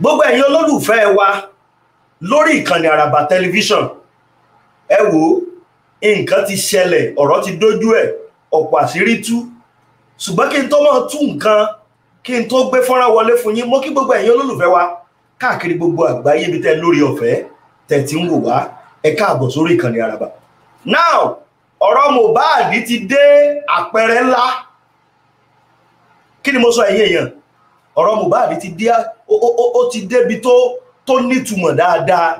gbogbo ẹ̀yin olólùfẹ́ wa lórí ìkànnì àràbà tẹlifíṣàn ẹ wò ó nǹkan ti ṣẹlẹ̀ ọ̀rọ̀ ti dójú ẹ̀ ọ̀pọ̀ àṣírí tú ṣùgbọ́n kí n tó máa tú nǹkan kí n tó gbé fọ́nrán wọlé fún yín mo kí gbogbo ẹ̀yin olólùfẹ́ wa káàkiri gbogbo àgbáyé ibi tẹ́ lórí ọ̀fẹ́ tẹ́ ti ń wò wá ẹ káàbọ̀ sórí ìkànnì àràbà now ọ̀rọ̀ Mohbad ti dé àpẹẹrẹ ńlá kí ni mo sọ ẹ̀yin èèyàn ọ̀rọ̀ Mohbad ti dé ó ti débi tó tó nítumọ̀ dáadáa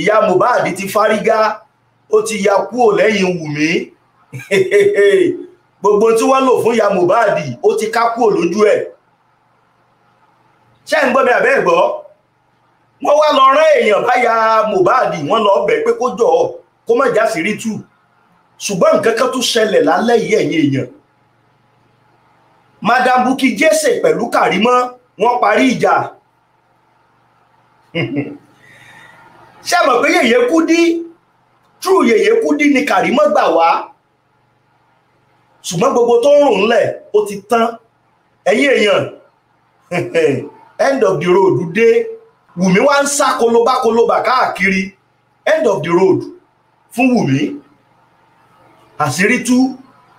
ìyá Mohbad ti fárígá ó ti ya kúò lẹ́yìn Wùmí gbogbo tí wọ́n lò fún ìyá Mohbad ó ti ká kúò lójú ẹ̀ ṣé ń gbọ́ mi àbẹ́ ẹ̀gbọ́ wọ́n wá lọ rán èèyàn báyà Mohbad wọ́n lọ bẹ̀ pé kó jọ̀ kó má já sí rí tù ṣùgbọ́n nǹkan kan tún ṣẹlẹ̀ lálẹ́ yìí ẹ̀yìn èèyàn madam Bukky Jesse pẹ̀lú Karimo wọ́n parí ìjà ṣé mọ̀ pé Yèyé Kudi true Yèyé Kudi ni Karimo gbà wá ṣùgbọ́n gbogbo tó ń rùn lẹ̀ ó ti tán ẹ̀yin èèyàn end of the road dé Wùmí wá ń sá kolobá kolobá káàkiri end of the road fún Wùmí àṣírí tú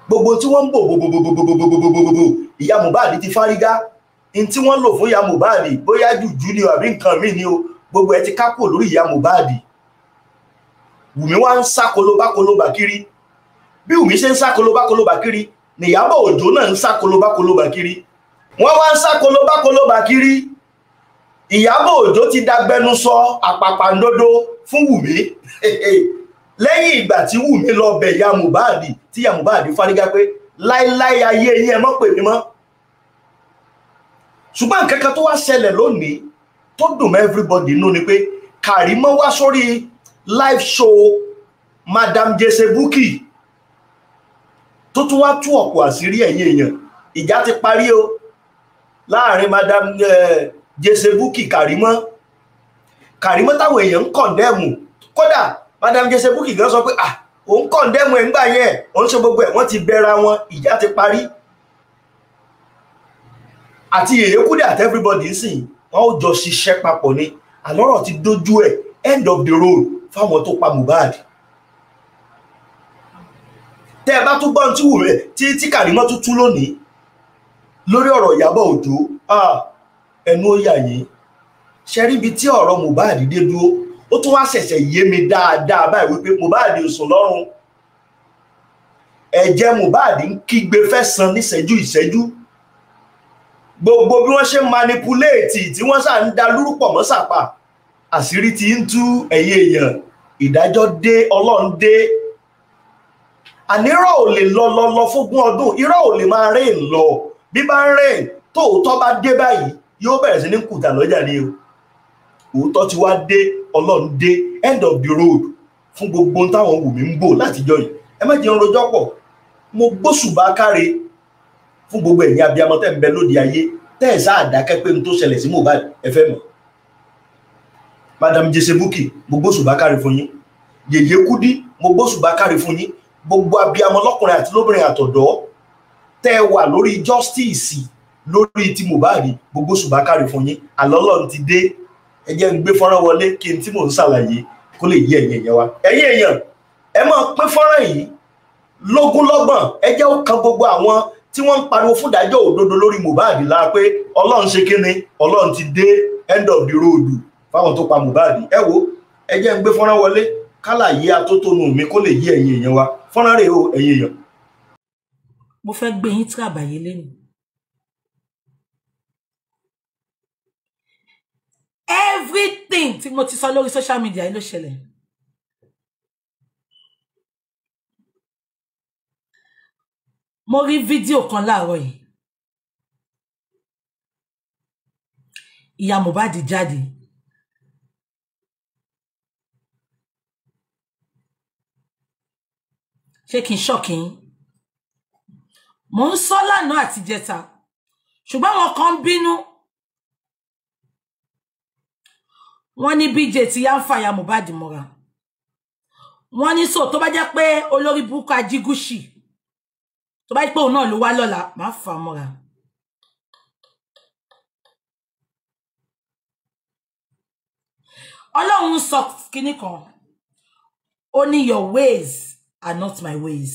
gbogbo tí wọ́n ń bò bòbòbòbòbòbòbòbòbò ìyá Mohbad ti fárígá n tí wọ́n lò fún ìyá Mohbad bóyá jùjú ni àbí nǹkan míì ni o gbogbo ẹ ti kápò lórí ìyá Mohbad Wùmí wá ń sá kolobákolobà kiri bí Wùmí ṣe ń sá kolobákolobà kiri nìyábọ̀ Òjó náà ń sá kolobákolobà kiri wọ́n wá ń sá kolobákolobà kiri Ìyábọ̀ Òjó ti dágbẹnusọ àpàpàǹdodo fún Wùmí lẹ́yìn ìgbà tí Wùmí lọ bẹ̀ ya Mohbad tí ya Mohbad fárígá pé láíláí ayé yín ẹ mọ́ pè mí mọ́ ṣùgbọ́n nǹkan tó wá ṣẹlẹ̀ lónìí tó dùn mọ́ everybody nú ni pé Karimo wá sórí live show Madam Jesse Bukky tó tún wá tú ọ̀pọ̀ àṣírí ẹ̀yìn èèyàn ìjà ti parí o láàrin Madam Jesse Bukky Karimo Karimo táwọn èèyàn ń kọ̀ndẹ́mù kódà madam jesse bukki gan sọ pé ah òun kọ̀ǹdẹ́mù ẹ̀ ńgbà yẹn òun ṣe gbogbo ẹ̀ wọ́n ti bẹ̀ra wọn ìjà ti parí àti èyékúdé àti everybody sìn wọn ò jọ ṣiṣẹ́ papọ̀ ni àlọ́rọ̀ ti dojú ẹ̀ end of the road fáwọn tó pa Mohbad tẹ́ ẹ bá tún gbọ́n tí wùrẹ́ tí tí Karimo tún tún lónìí lórí ọ̀rọ̀ Ìyábọ̀ Òjó ah, ẹnu ó yà yín ṣe ibi tí ọ̀rọ̀ Mohbad dé dúró ó tún wá ṣẹ̀ṣẹ̀ yé mi dáadáa báyìí wípé Mohbad ò sùn lọ́rùn ẹ̀jẹ̀ Mohbad ń kígbe fẹ́ san níṣẹ́jú ìṣẹ́jú gbogbo bí wọ́n ṣe manipuléètì tí wọ́n ṣà ń da lúrúpọ̀ mọ́ sàpà àṣírí ti ń tú ẹ̀yin èèyàn ìdájọ́ dé ọlọ́run dé ànírọ̀ ò lè lọ lọ lọ fógún ọdún irọ́ ò lè máa rìn lọ bí bá ń rìn tóòótọ́ bá dé báyìí yóò bẹ̀rẹ̀ sí ní kùtà lọ́jà ni o òótọ́ ti wá dé ọlọ́run dé end of the road fún gbogbo ohun táwọn wù mí ń bò látijọ́ yìí ẹ má jẹun rojọ́ pọ̀ mo gbóṣùbà káre fún gbogbo ẹ̀yin abiyamọ tẹ́ ń bẹ lóde ayé tẹ́ ẹ̀ sáà dákẹ́ pé n tó ṣẹlẹ̀ sí Mohbad ẹ mọ̀ madam jese buki mo gbóṣùbà káre fún yín yèyé kúdí mo gbóṣùbà káre fún yín gbogbo abiyamọ lọ́kùnrin àti lóbìnrin àtọ̀dọ́ tẹ́ ẹ wà lórí justice lórí ti Mohbad gbogbo ṣùbà káre fún yín àlọ́lọ́run ti dé ẹ jẹ́ ń gbé fọ́nrán wọlé kí n tí mò ń ṣàlàyé kó lè yí ẹ̀yin èèyàn wa ẹ̀yin èèyàn ẹ máa pín fọ́nrán yìí lógúnlọ́gbọ̀n ẹ jẹ́ ó kan gbogbo àwọn tí wọ́n ń pariwo fún ìdájọ́ òdodo lórí Mohbad la pé ọlọ́run ṣe kíni ọlọ́run ti dé end of the road fáwọn tó pa Mohbad ẹ wo ẹ jẹ́ ń gbé fọ́nrán wọlé kálàyé atótónu mi kó lè yí ẹ̀yin èèyàn wa fọ́nrán rèé o ẹ̀yin èèyàn. mo fẹ́ gbé yín tí àbàyè lẹ́nu everything tí mo ti sọ lórí social media yìí lo ṣẹlẹ̀ mo rí fídíò kan láàárọ̀ Iya ìyá Mohbad jáde ṣé kí n ṣọ́ọ̀kì yín mò ń sọ lánàá àtijẹta ṣùgbọ́n àwọn kan bínú wọ́n ní bj ti yá ń fàyà Mohbad mọ́ra wọ́n ní so tó bá jẹ́ pé olórí burúkú ajígúsì tó bá jẹ́ pé òun náà ló wá lọ́la máa fà mọ́ra. ọlọ́run sọ kínní kan ó ní your ways are not my ways.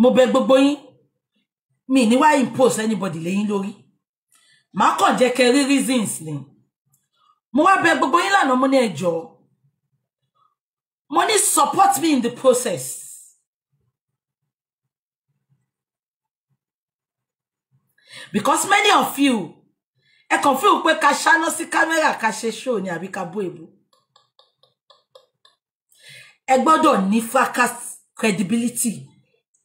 mo bẹ̀ gbogbo yín mi ní wá impose anybody lẹ́yìn lórí màá kàn jẹ́ kẹ́ rí reasons ni mo wá bẹ̀ gbogbo yín lánàá mo ní ẹ mo ní support me in the process because many of you ẹ kàn feel pé ká ṣáná sí kámẹ́rà ká ṣe show ni àbí ká bó èbó ẹ gbọ́dọ̀ ní fracas credibility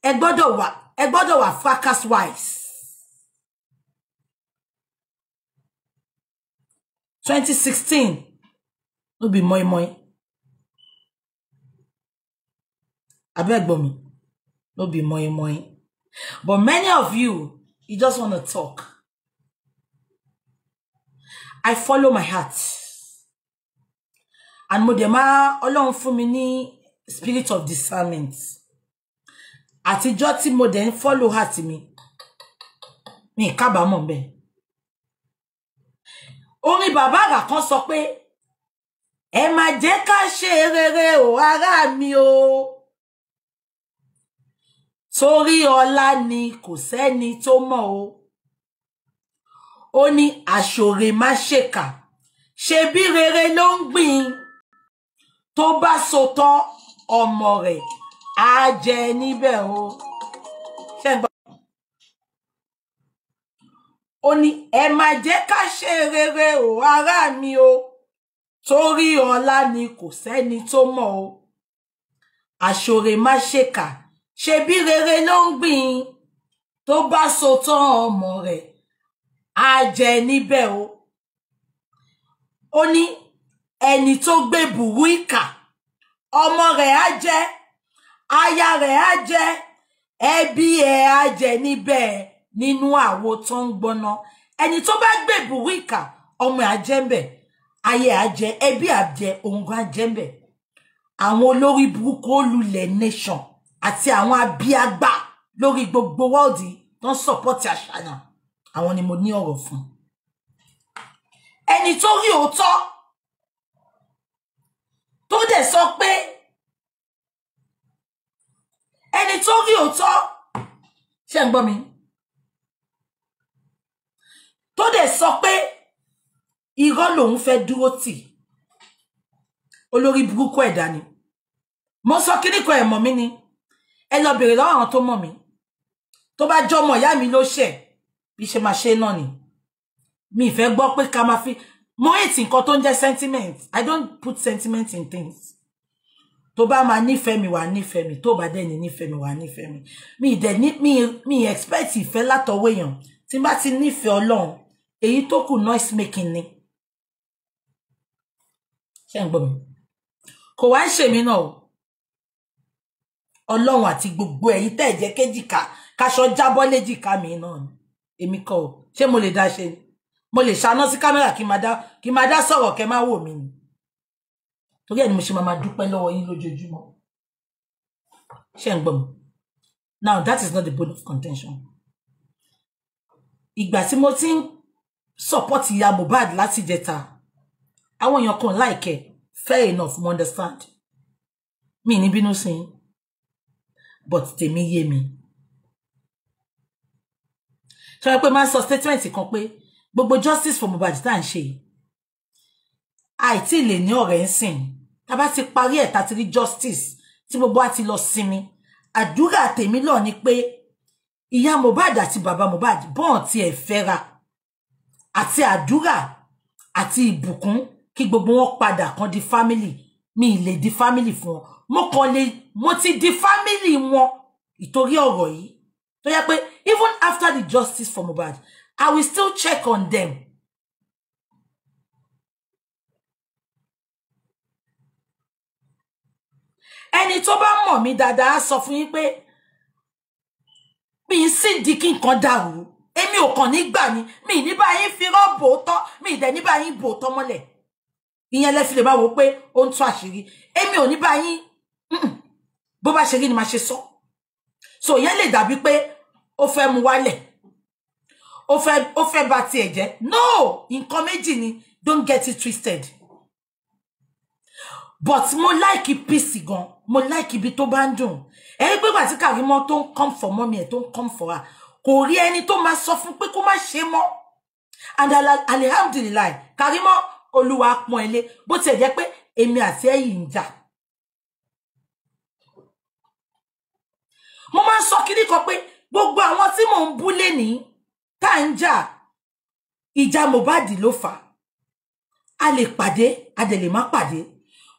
ẹ gbọ́dọ̀ wa ẹ gbọ́dọ̀ wa fracas wise 2016 no be moi moi abeg gbọ́ mi no be moi moi but many of you you just want to talk I follow my heart and mo dẹ̀ máa Ọlọ́run mi ní spirit of discernment àtijọ́ tí mo dẹ̀ follow heart mi mi kábàámọ̀ bẹ́ẹ̀ orin bàbá àgbà kan sọ pé ẹ má jẹ́ ká ṣe rere o ará mi o torí ọlá ni kò sẹ́ni tó mọ̀ o ó ní àṣòrè má ṣèkà ṣe bí rere ló ń gbìn tó bá sotọ́ ọmọ rẹ̀ á jẹ níbẹ̀ o ó ní ẹ máa jẹ́ ká ṣe rere o ará mi o torí ọ̀la ni kò sẹ́ni tó mọ̀ o àṣòre má ṣèkà ṣebí rere ló ń gbìn tó bá so tán ọmọ rẹ̀ á jẹ níbẹ̀ o ó ní ẹni tó gbé burú ìkà ọmọ rẹ̀ á jẹ aya rẹ̀ á jẹ ẹbí ẹ̀ á jẹ níbẹ̀ nínú àwo tó ń gbóná ẹni tó bá gbèbù wíkà ọmọ àjẹmbẹ ayé àjẹ ẹbí àjẹ òǹgọ àjẹmbẹ àwọn olórí burúkú olùlẹ̀ nation àti àwọn abíagbá lórí gbogbo wọ́ọ̀dì tó ń sọ̀pọ̀tì àṣàyàn àwọn ni mo ní ọ̀rọ̀ fún ẹni tó rí òótọ́ tó dẹ̀ sọ pé ẹni tó rí òótọ́ ṣe ń gbọ́ mi tó dẹ̀ sọ pé irọ́ lòun fẹ́ dúró tì olórí burúkú ẹ̀dá ni mo sọ kíní kan ẹ̀mọ́ mi ni ẹ lọ bèrè lọ́wọ́ àwọn tó mọ̀ mí tó bá jọmọ ìyá mi ló ṣẹ̀ bí ṣe máa ṣe náà ni mi ìfẹ́ gbọ́ pé ká máa fi mo ètì nǹkan tó ń jẹ́ sentiment i don't put sentiment in things tó bá máa nífẹ̀ẹ́ mi wà nífẹ̀ẹ́ mi tó bá dẹ̀ ní nífẹ̀ẹ́ mi wà nífẹ̀ẹ́ mi mi dẹ̀ ní mi mi expect ìfẹ́ látọwọ́ èèyàn tí n bá ti nífẹ̀ẹ́ ọlọ́run èyí tó kù noise making ni ṣé ń gbọ́ mi kò wá ń ṣèmi náà o ọlọ́run àti gbogbo èyí tẹ́ ẹ̀ jẹ́ kéjìká kaṣọ jábọ́ léjìká mi náà ni èmi kọ́ o ṣé mo lè dá ṣe ni mo lè ṣáná sí kámẹ́rà kí n máa dá sọ̀rọ̀ kẹ́ máa wò mí ni torí ẹ̀ ni mo ṣe máa dúpẹ́ lọ́wọ́ yín lójoojúmọ́ ṣé ń gbọ́ mi now that is not the bone of contention ìgbà tí mo ti ń support ìyá Mohbad I want your con like it. fair enough you understand mi ní bínú sí but tèmi ye mi So I máa my sọ statement kan pé gbogbo justice for Mohbad tá à ń ṣe àìtí lè ní ọ̀rẹ́ ń sìn ti parí ẹ̀ tá ti justice tí gbogbo wa ti lọ sinmi àdúrà tèmi lọ ni pé ìyá Mohbad àti bàbá Mohbad bọ́ọ̀n tiẹ̀ fẹ́ra àti àdúrà àti ìbùkún kí gbogbo wọn padà kan di family mi ì lè di family fún mo kàn lè mo ti di family wọn ìtorí ọ̀rọ̀ yìí tó yẹ pé even after the justice for Mohbad I will still check on them. ẹni tó bá mọ̀ mí dáadáa sọ fún yín pé mi ń sìn di kí nǹkan dàrú èmi ò kàn nígbà ni mi ni ba yin fi rọ́ọ̀bù tọ́ mi dẹ̀ ní bá yín bò mole mọ́lẹ̀ ìyẹn lẹ́fi lè bá wo pé ó ń tú àṣírí èmi ò ní bá yín bó bá ṣe ni máa ṣe sọ so ìyẹn lè dàbí pé ó fẹ́ mu wálẹ̀ ó fẹ́ ó fẹ́ bà tiẹ̀ jẹ́ no nǹkan méjì ni don't get it twisted but mo like peace gan mo like ibi tó bá ń dùn ẹ rí pé gbàtí Karimo tó ń come for mommy ẹ tó come for her kò rí ẹni tó máa sọ fún pé kó má ṣe mọ́ and alihamdulilayi Karimo olúwa pọ́n ilé bó tiẹ̀ jẹ́ pé èmi àti ẹ̀yin ń jà mo máa ń sọ kiri kan pé gbogbo àwọn tí mò ń bú lẹ́ni tá à ń jà ìjà Mohbad ló fà á lè pàdé a dẹ̀ lè má pàdé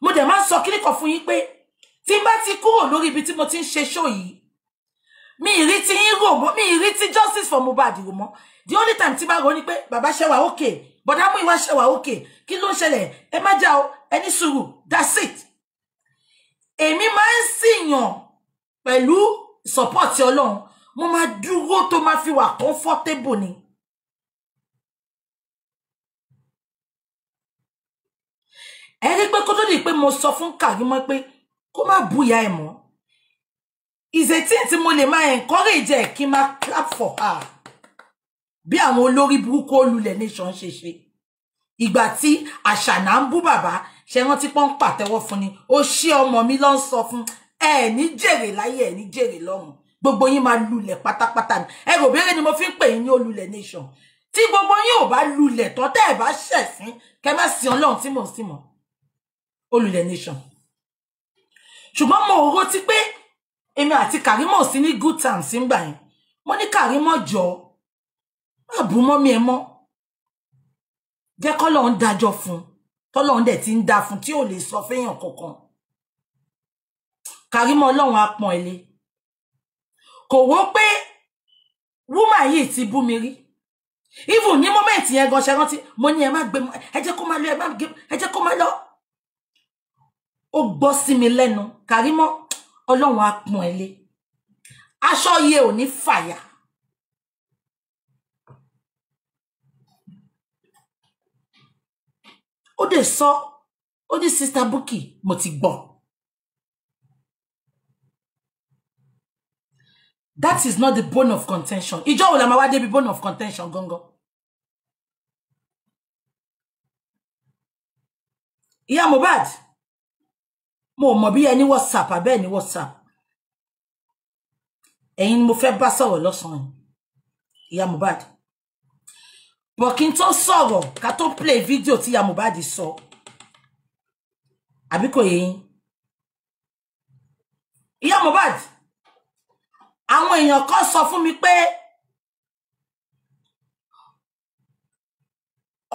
mo dẹ̀ máa sọ kiri kan fún yín pé tí n bá ti kúrò lórí ibi tí mo ti ń ṣe ṣó yìí mi rí ti yín rò mọ́ mi rí ti justice for Mohbad rò mọ́ the only time tí bá ni pe pé bàbá ṣẹwà òkè bọ̀dá mú ìwà ṣẹwà òkè kí ló ń ṣẹlẹ̀ ẹ má jà o ẹ ní that's it èmi máa ń sìyàn pẹ̀lú support ọlọ́run mo máa dúró tó máa fi wà comfortable ni. ẹ rí pé kó tó di pé mo sọ fún Karimo pé kó má bùyà ẹ mọ́ ìzẹ̀tìn tí mo lè máa encourage ẹ̀ kí n clap for her bí àwọn olórí burúkú olùlẹ̀ nation ṣe Igba ti tí àṣànà Baba bú bàbá ṣe rántí pọ́n pàtẹ́wọ́ fún ni ó ṣí ọmọ mi lọ́n sọ fún ẹ ní jèrè láyé ẹ ní jèrè lọ́run gbogbo yín máa lulẹ̀ pátápátá ni ẹ rò béèrè ni mo fi ń pè yín nation tí gbogbo yín ò bá lulẹ̀ tán tẹ́ ẹ̀ bá ṣẹ̀sín kẹ́ má sí ọlọ́run tí mò ń sì mọ̀ nation ṣùgbọ́n mo rò ti pé èmi àti Karimo ò sí ní good times ń gbà yẹn mo ní Karimo jọ má bú mọ́mí ẹ mọ́ jẹ́ kọ́lọ́hún dájọ́ fun. tọ́lọ́hún dẹ̀ ti ń dá fún tí ò lè sọ fẹ́yàn kankan Karimo ọlọ́run á pọ́n ilé kò wó pé wúmà yìí ti bú mi rí even ní mọ́mẹ́ǹtì yẹn gan ṣe rántí mo ní ẹ má gbé ẹ jẹ́ kó má lọ ẹ má gbé ẹ jẹ́ kó má lọ ó gbọ́ sí mi lẹ́nu Karimo ọlọ́run á pọ́n aṣọ yẹ ò ní fàyà. ó dẹ̀ sọ ó ní sista Bukky mo ti gbọ́. that is not the bone of contention ìjọ wo la máa wá débi bone of contention gangan. ìyá Mohbad. Yeah, mo mọ̀ bí ẹni whatsapp abẹ́ ní whatsapp ẹ̀yin ni mo fẹ́ bá sọ̀rọ̀ lọ́sàn-án ìyá Mohbad bọ̀ kí n tó sọ̀rọ̀ ká tó play fídíò tí ìyá Mohbad sọ àbí kò yé yín ìyá Mohbad àwọn èèyàn kan sọ fún mi pé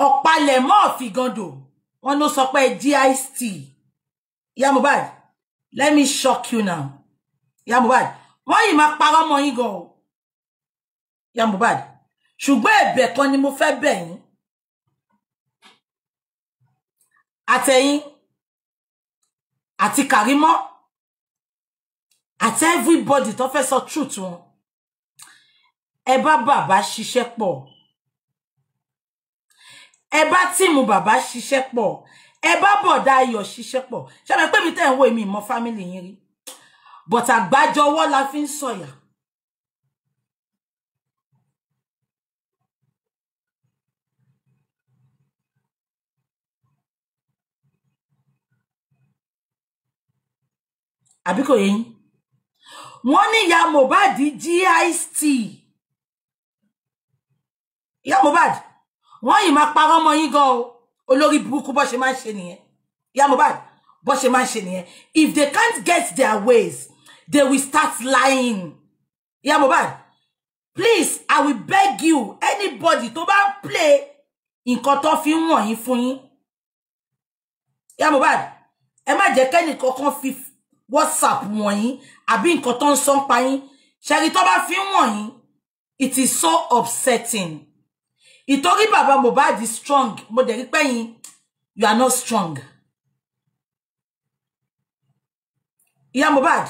ọ̀pálẹ̀mọ́ ọ̀fìgandò wọn ló sọ pé gist Ìyá let me shock you now Ìyá why you make power money go? yín should we be Mohbad ṣùgbọ́n ẹ̀bẹ̀ kan ni mo fẹ́ bẹ̀ yín àtẹ̀yìn àti Kàrímọ́ àti everybody to face the truth wọn ẹ bá bàbá ṣiṣẹ́ pọ̀ ẹ Baba, tíìmù bàbá ṣiṣẹ́ ẹ bá bọ̀dá ayọ̀ ṣiṣẹ́ pọ̀ ṣẹ́mi pé mi tẹ̀ ń wo èmi ìmọ̀ fámìlì yín rí but àgbájọwọ́ la fi ń sọ̀yà. àbí kò yé yín ya ní ìyá Mohbad gist ìyá Mohbad wọ́n yìí máa parọ́ ọmọ yín Olori burúkú bó ṣe máa ń ṣe nìyẹn ìyá Mohbad bó ṣe máa ń ṣe if they can't get their ways they will start lying ìyá Mohbad please i will beg you anybody to bá play nǹkan tó fi ń wọ̀nyí fún yín ìyá Mohbad ẹ má jẹ́ kẹ́nì kankan fi whatsapp wọ̀nyí àbí nǹkan tó ń sọ ń pa yín ṣẹ́ni tó bá fi ń wọ̀nyí it is so upsetting ìtorí bàbá Mohbad strong mo dẹ̀ rí pẹ́yìn you are not strong ìyá Mohbad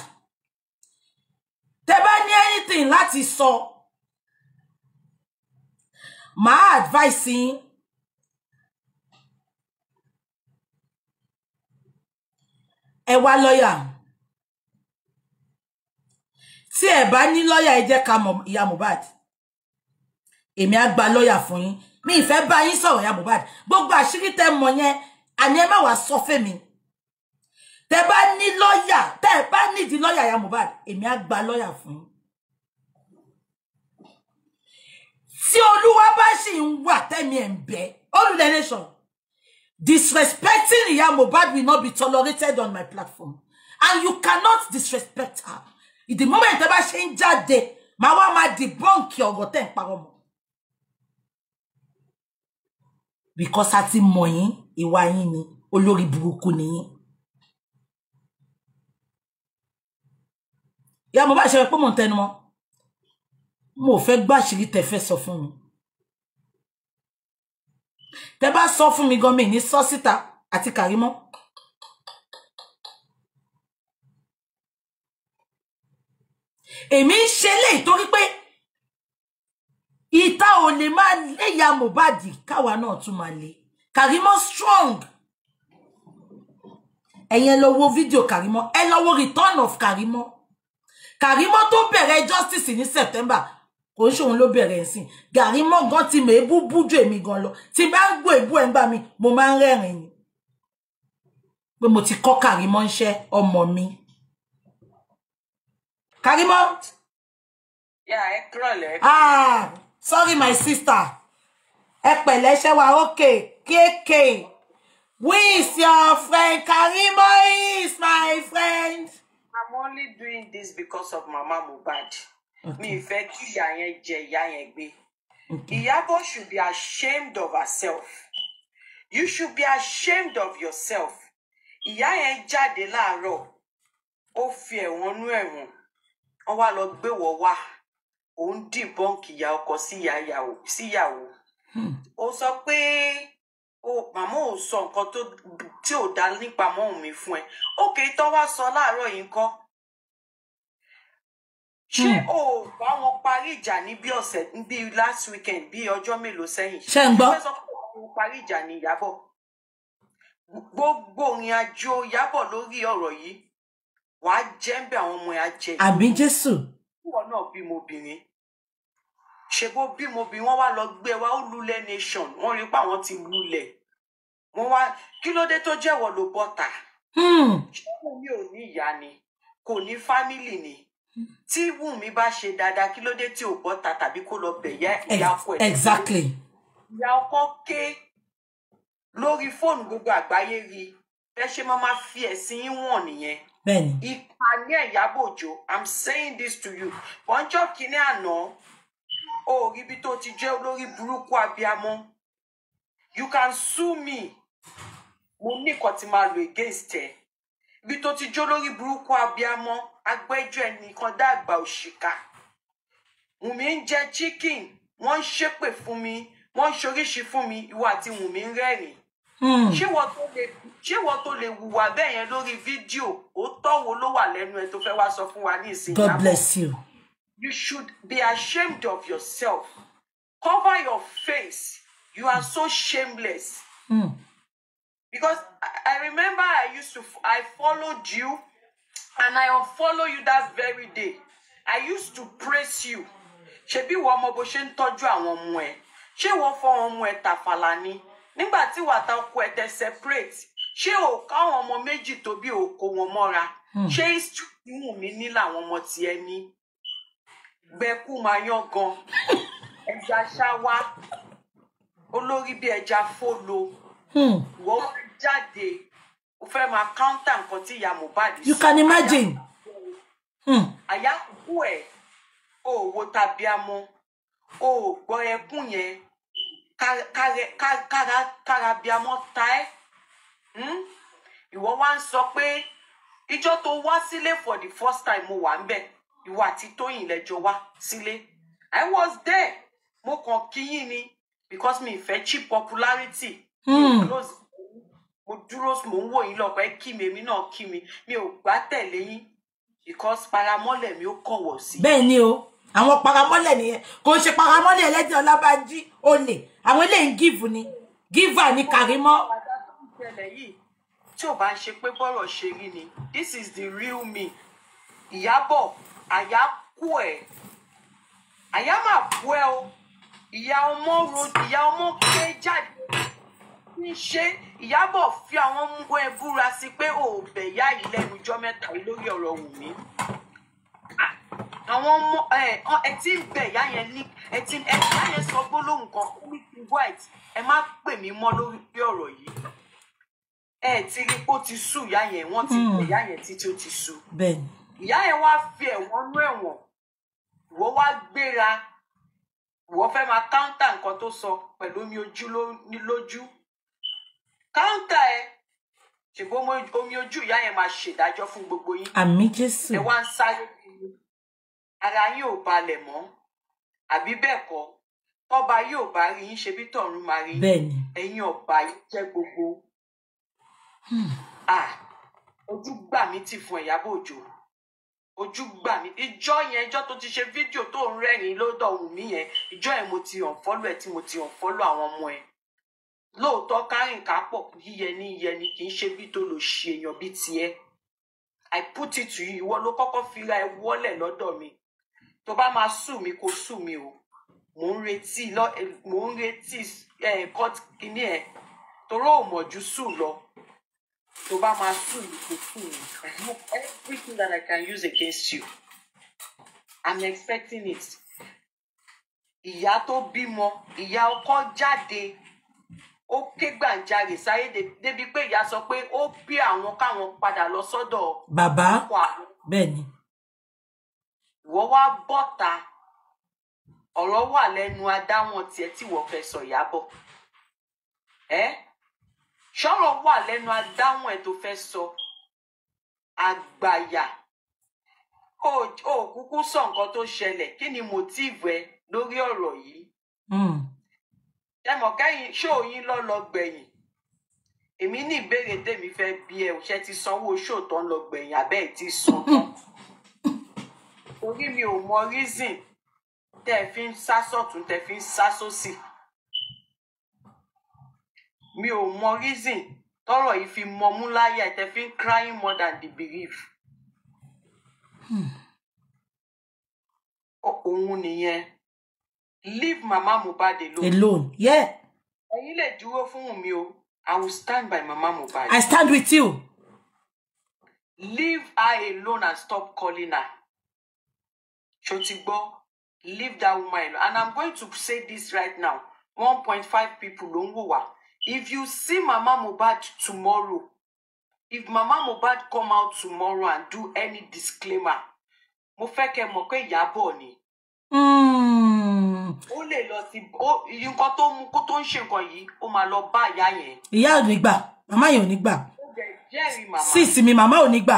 tẹ bá ní anything láti sọ màá advice yín ẹ wá lọ́yà tí ẹ bá ní lọ́yà ẹ jẹ́ ká mọ̀ ìyá Mohbad èmi á gba lọ́ọ̀yà fún yín mi ìfẹ́ bá yín sọ̀rọ̀ ya Mohbad gbogbo àṣírí tẹ́ mọ̀ yẹn àní ẹ má wàá sọ fún mi tẹ́ bá ní lọ́ọ̀yà tẹ́ bá nídìí lọ́ọ̀yà ya Mohbad èmi á gba lọ́ọ̀yà fún yín tí olúwa bá sì ń wà tẹ́mi ẹ̀ ń bẹ́ olùdẹ nation disrespecting ìyá Mohbad will not be tolerated on my platform and you cannot disrespect her In the moment tẹ́ bá ṣe ń jáde màá wá máa debunk ọ̀rọ̀ tẹ́ ń parọ́ mọ́. because a ti mọ̀ yín ìwà yín ni olórí burúkú ni yín. ìyá mo bá ṣe pé mò ń tẹnu mọ́ mo fẹ́ gbàṣírí tẹ fẹ́ sọ fún mi tẹ bá sọ fún mi gan mi ní sọ síta àti Kàrímọ́. èmi ń ṣe léyìí torí ìta ò lè máa léyà Mohbad káwa náà tún máa lé Karimo strong ẹ̀yin ẹ lọ wo fídíò Karimo ẹ lọ wo return of Karimo Karimo tó bẹ̀rẹ̀ justice ní September kò ń ṣòun ló bẹ̀rẹ̀ ẹ̀sìn Karimo gan ti mọ̀ ebú bújú èmi gan lọ tí bá ń gbọ́ ebú ẹ̀ mi mo máa ń rẹ́rìn ni pé mo ti kọ́ Karimo ń ṣe ọmọ mi Karimo. Yeah, ẹ kúrọ̀lẹ́. Ah! sorry my sister ẹ pẹ̀lẹ́ ṣẹ́ wa ókè kéèké with your friend Karimo is my friend. I'm only doing this because of Mama Mubad. Me, ìfẹ́ kí je yẹn jẹ ìyá should be ashamed of herself you should be ashamed of yourself ìyá jade jáde láàárọ̀ ó fi ẹ̀wọ̀n nú ẹ̀wọ̀n wọ́n wá lọ gbé wọ́ wá. òun dìbọ́ǹkì ìyá ọkọ síyàwó hmm. ó sọ pé màmá ò sọ nǹkan tí ò dá nípa mọ́hùn mi fún ẹ ókè tó wá sọ láàárọ̀ yìí kọ́ ṣé hmm. o bá wọn parí ìjà ní bí ọ̀sẹ̀ bí last weekend bí ọjọ́ mélòó sẹ́yìn ṣé ń gbọ́ ṣé o parí ìjà ní Ìyábọ̀ gbogbo ìrìn àjò Ìyábọ̀ lórí ọ̀rọ̀ yìí wàá jẹ́ ń bẹ àwọn ọmọ ẹ̀ á jẹ àbí Jésù ìwọ náà bímọ obìnrin ṣe bó bímọ bí wọ́n wá lọ gbé wa ó lulẹ̀ nation wọ́n rí pa àwọn ti lulẹ̀ wọ́n wá kí ló dé tó jẹ́wọ́ ló bọ́ta hmm. ṣé wùmí ò ní ìyá ni kò ní fámìlì ni tí wùmí bá ṣe dáadáa kí ló dé tí ò bọ́ta tàbí kó lọ bẹ̀ ìyá ọkọ ẹ̀ exactly ìyá ọkọ ké lórí fóònù gbogbo àgbáyé rí bẹ́ ṣe máa ma fi ẹ̀sìn yín wọ̀n nìyẹn ìkànnì ẹ̀yábòjò i'm saying this to you ọjọ́ kìíní àná o ò rí ibi tó ti jẹ́ olórí burúkú abiyamọ you can sue me mo ní nǹkan tí máa lò against ẹ ibi tó ti jẹ́ olórí burúkú abiyamọ agbẹ́jọ́ ẹnìkan dàgbà òṣìkà Wùnmí ń jẹ chicken wọ́n ń ṣépè fún mi wọ́n ń ṣoríṣi fún mi ìwọ àti Wùnmí ń rẹ́rìn hmm. ṣé wọ́n tó lè wùwà bẹ́ẹ̀ yẹn lórí fídíò ó tọ́wọ́ ló wà lẹ́nu ẹ tó fẹ́ wá sọ fún wa ní ìsìn ìyàbọ̀ God bless you. You should be ashamed of yourself. Cover your face. You are so shameless. Mm. Because I, remember I used to, I followed you and I unfollow you that very day. I used to praise you. Ṣebí wọ́n ọmọ bó ṣe She tọ́jú àwọn ọmọ ẹ̀. Ṣé wọ́n fọ́ àwọn ọmọ ẹ̀ tàfàlà ni? Nígbà tí wàtá separate, She o ká àwọn ọmọ méjì tó bí o kó wọn mọ́ra? Hmm. Ṣé ìsìnkú wù mí ní làwọn ọmọ tiẹ̀ ní? gbẹkú máa yán gan ẹja ṣáwá olórí bíi ẹja fólo hmm. ìwọ jáde o fẹ́ máa káńtà nǹkan tí ìyá Mohbad sọ. you can imagine. àyà kú ẹ̀ hmm. o ò wo tàbí amọ́ o ò gbọ́ ẹkún yẹn kára bí amọ́ ta ẹ́ hmm? ìwọ wá ń sọ pé ìjọ tó wá sílé for the first time mo wà ń bẹ̀ ìwọ àti Tóyìn lẹ́jọ́ wá sílé i was there mo kàn kíyìn ni because mi ìfẹ́ cheap popularity. Mm. mo dúró mo ń wò yín lọ́pọ̀ ẹ kí mi èmi náà kí mi mi ò gbá tẹ̀lé yín because paramọ́lẹ̀ mi ó kọ̀wọ̀ sí. bẹ́ẹ̀ ni o àwọn paramọ́lẹ̀ nìyẹn kò ń ṣe paramọ́lẹ̀ ẹlẹ́dẹ̀ ọlábàájí olè àwọn eléyìí ń gíìfù ni gíìfà ni kàrímọ́. tí ò bá ń ṣe pé bọ́rọ̀ ṣe rí ni this is the real me Ìyábọ̀ àyà kú ẹ̀ àyà máa kú ẹ o ìyá ọmọ ro ìyá ọmọ ké jáde ní ṣe ìyábọ̀ fi àwọn ọmọ ẹ búra sí pé ò bẹ̀ yá yìí lẹ́nu ijọ́ mẹ́ta lórí ọ̀rọ̀ Wùmí àwọn ọmọ ẹ ti ń bẹ̀ ìyá yẹn ní ẹ ti ẹ ìyá yẹn sọ gbólóhùn kan wípé white ẹ má pè mí mọ́ lórí ọ̀rọ̀ yìí ẹ ti rí pé ó ti sú ìyá yẹn wọ́n ti pè hmm. ìyá yẹn títí ó ti sú. bẹ́ẹ̀ni ìyá yẹn wá fi ẹ̀wọ̀n nú ẹ̀wọ̀n wọ́n wá gbéra wọ́n fẹ́ máa káńtà nǹkan tó sọ pẹ̀lú omi ojú lójú káńtà ẹ̀ ṣùgbọ́n omi ojú ìyá yẹn máa ṣèdájọ́ fún gbogbo yín. àmì jésù. ẹ wá ń sáré ara yín ò balẹ̀ mọ́ àbí bẹ́ẹ̀ kọ́ ọba yóò bá rí yín ṣe bí tọ̀run máa rí yín ẹ̀yin ọba yín jẹ́ gbogbo. Hmm. ojú gbà mí tì fún ẹ̀yábọ̀ òjò ojú gbà mí ìjọ yẹn ìjọ tó ti ṣe fídíò tó ń rẹ́rìn lọ́dọ̀ Wùmí yẹn ìjọ yẹn mo ti unfollow ẹ tí mo ti unfollow àwọn ọmọ ẹ lóòótọ́ kárìn kápọ̀ yíyẹ ní yíyẹ ni kì í ṣe bí tó lò ṣe èèyàn bí tiẹ̀ I put it to you ìwọ ló kọ́kọ́ fira ẹ wọ́lẹ̀ lọ́dọ̀ mi tó bá máa sù mí kó sù mí o mò ń retí mò ń retí ẹ kọ́t kíní ẹ toró òmòjú sù lọ tó bá máa sùn kò sùn everything that I can use against you I'm expecting it ìyá tó bímọ ìyá ọkọ jáde ó ké gbàǹjarè sáyé débi pé ìyá sọ pé ó bí àwọn káwọn padà lọ sọ́dọ̀ bàbá bẹ́ẹ̀ ni. ìwọ wá bọ́ta ọ̀rọ̀ wà lẹ́nu adáwọn tiẹ̀ tí wọ́n fẹ́ sọ ìyábọ̀ ẹ́. Eh? ṣọ́rọ̀ wà lẹ́nu adáhùn ẹ̀ tó fẹ́ sọ àgbàyà ó kúkú sọ nǹkan tó ṣẹlẹ̀ kí ni motive ẹ lórí ọ̀rọ̀ yìí ṣẹmọ hmm. kẹyìn ṣóò yín lọ lọ gbẹ̀yìn èmi ní ìbéèrè tèmi fẹ́ bí ẹ ṣe ti sanwó ṣóò tán lọ gbẹ̀yìn abẹ́ ẹ̀ ti san tán orí mi ò mọ reason tẹ́ ẹ fi ń sá sọ̀tún tẹ́ ẹ fi ń sá sósì mi ò mọ reason tọrọ yìí fi mọmú láyà tẹ fi ń crying more than the belief. Hmm. òun nìyẹn leave mama Mohbad alone. alone yeah. ẹ̀yin lè dúró fún mi o i will stand by mama Mohbad. i stand with you. leave her alone and stop calling her. ṣó ti gbọ́ leave that woman alone and i'm going to say this right now one point five people ló ń wò wá if you see Mama Mohbad tomorrow if Mama Mohbad come out tomorrow and do any disclaimer mo fẹ́ kẹ́ mọ̀ pé Ìyábọ̀ ni. Hmm. ó lè lọ sí nǹkan tó mú kó tó ń ṣe nǹkan yìí ó máa lọ bá ìyá yẹn. ìyá ò ní gbà màmá yẹn ò ní gbà sísì mi màmá ò ní gbà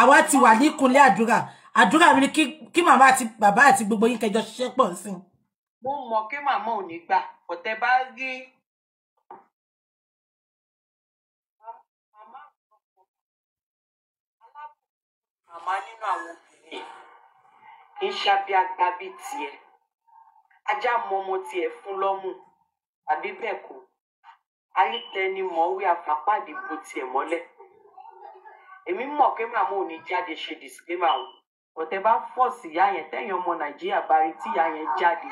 àwa ti wà ní ìkúnlẹ̀ àdúrà àdúrà mi ni kí màmá àti bàbá àti gbogbo yín kẹjọ ṣiṣẹ́ pọ̀ sí. mo mọ̀ kí màmá ò ní gbà ọ̀tẹ̀ bá rí màmá nínú àwọn obìnrin ń ṣàbíàgbà bíi tiẹ̀ ajá mọ ọmọ tiẹ̀ fún lọ́mù àbí bẹ́ẹ̀ kọ́ alítẹni mọ̀wé àfàpàdé bo tiẹ̀ mọ́lẹ̀ èmi mọ̀ pé màmá ò ní jáde ṣe disclaimer o ọ̀tẹ̀ bá fọ́ọ̀sì ìyá yẹn tẹ̀yìn ọmọ nàìjíríà bá rí tí ìyá yẹn jáde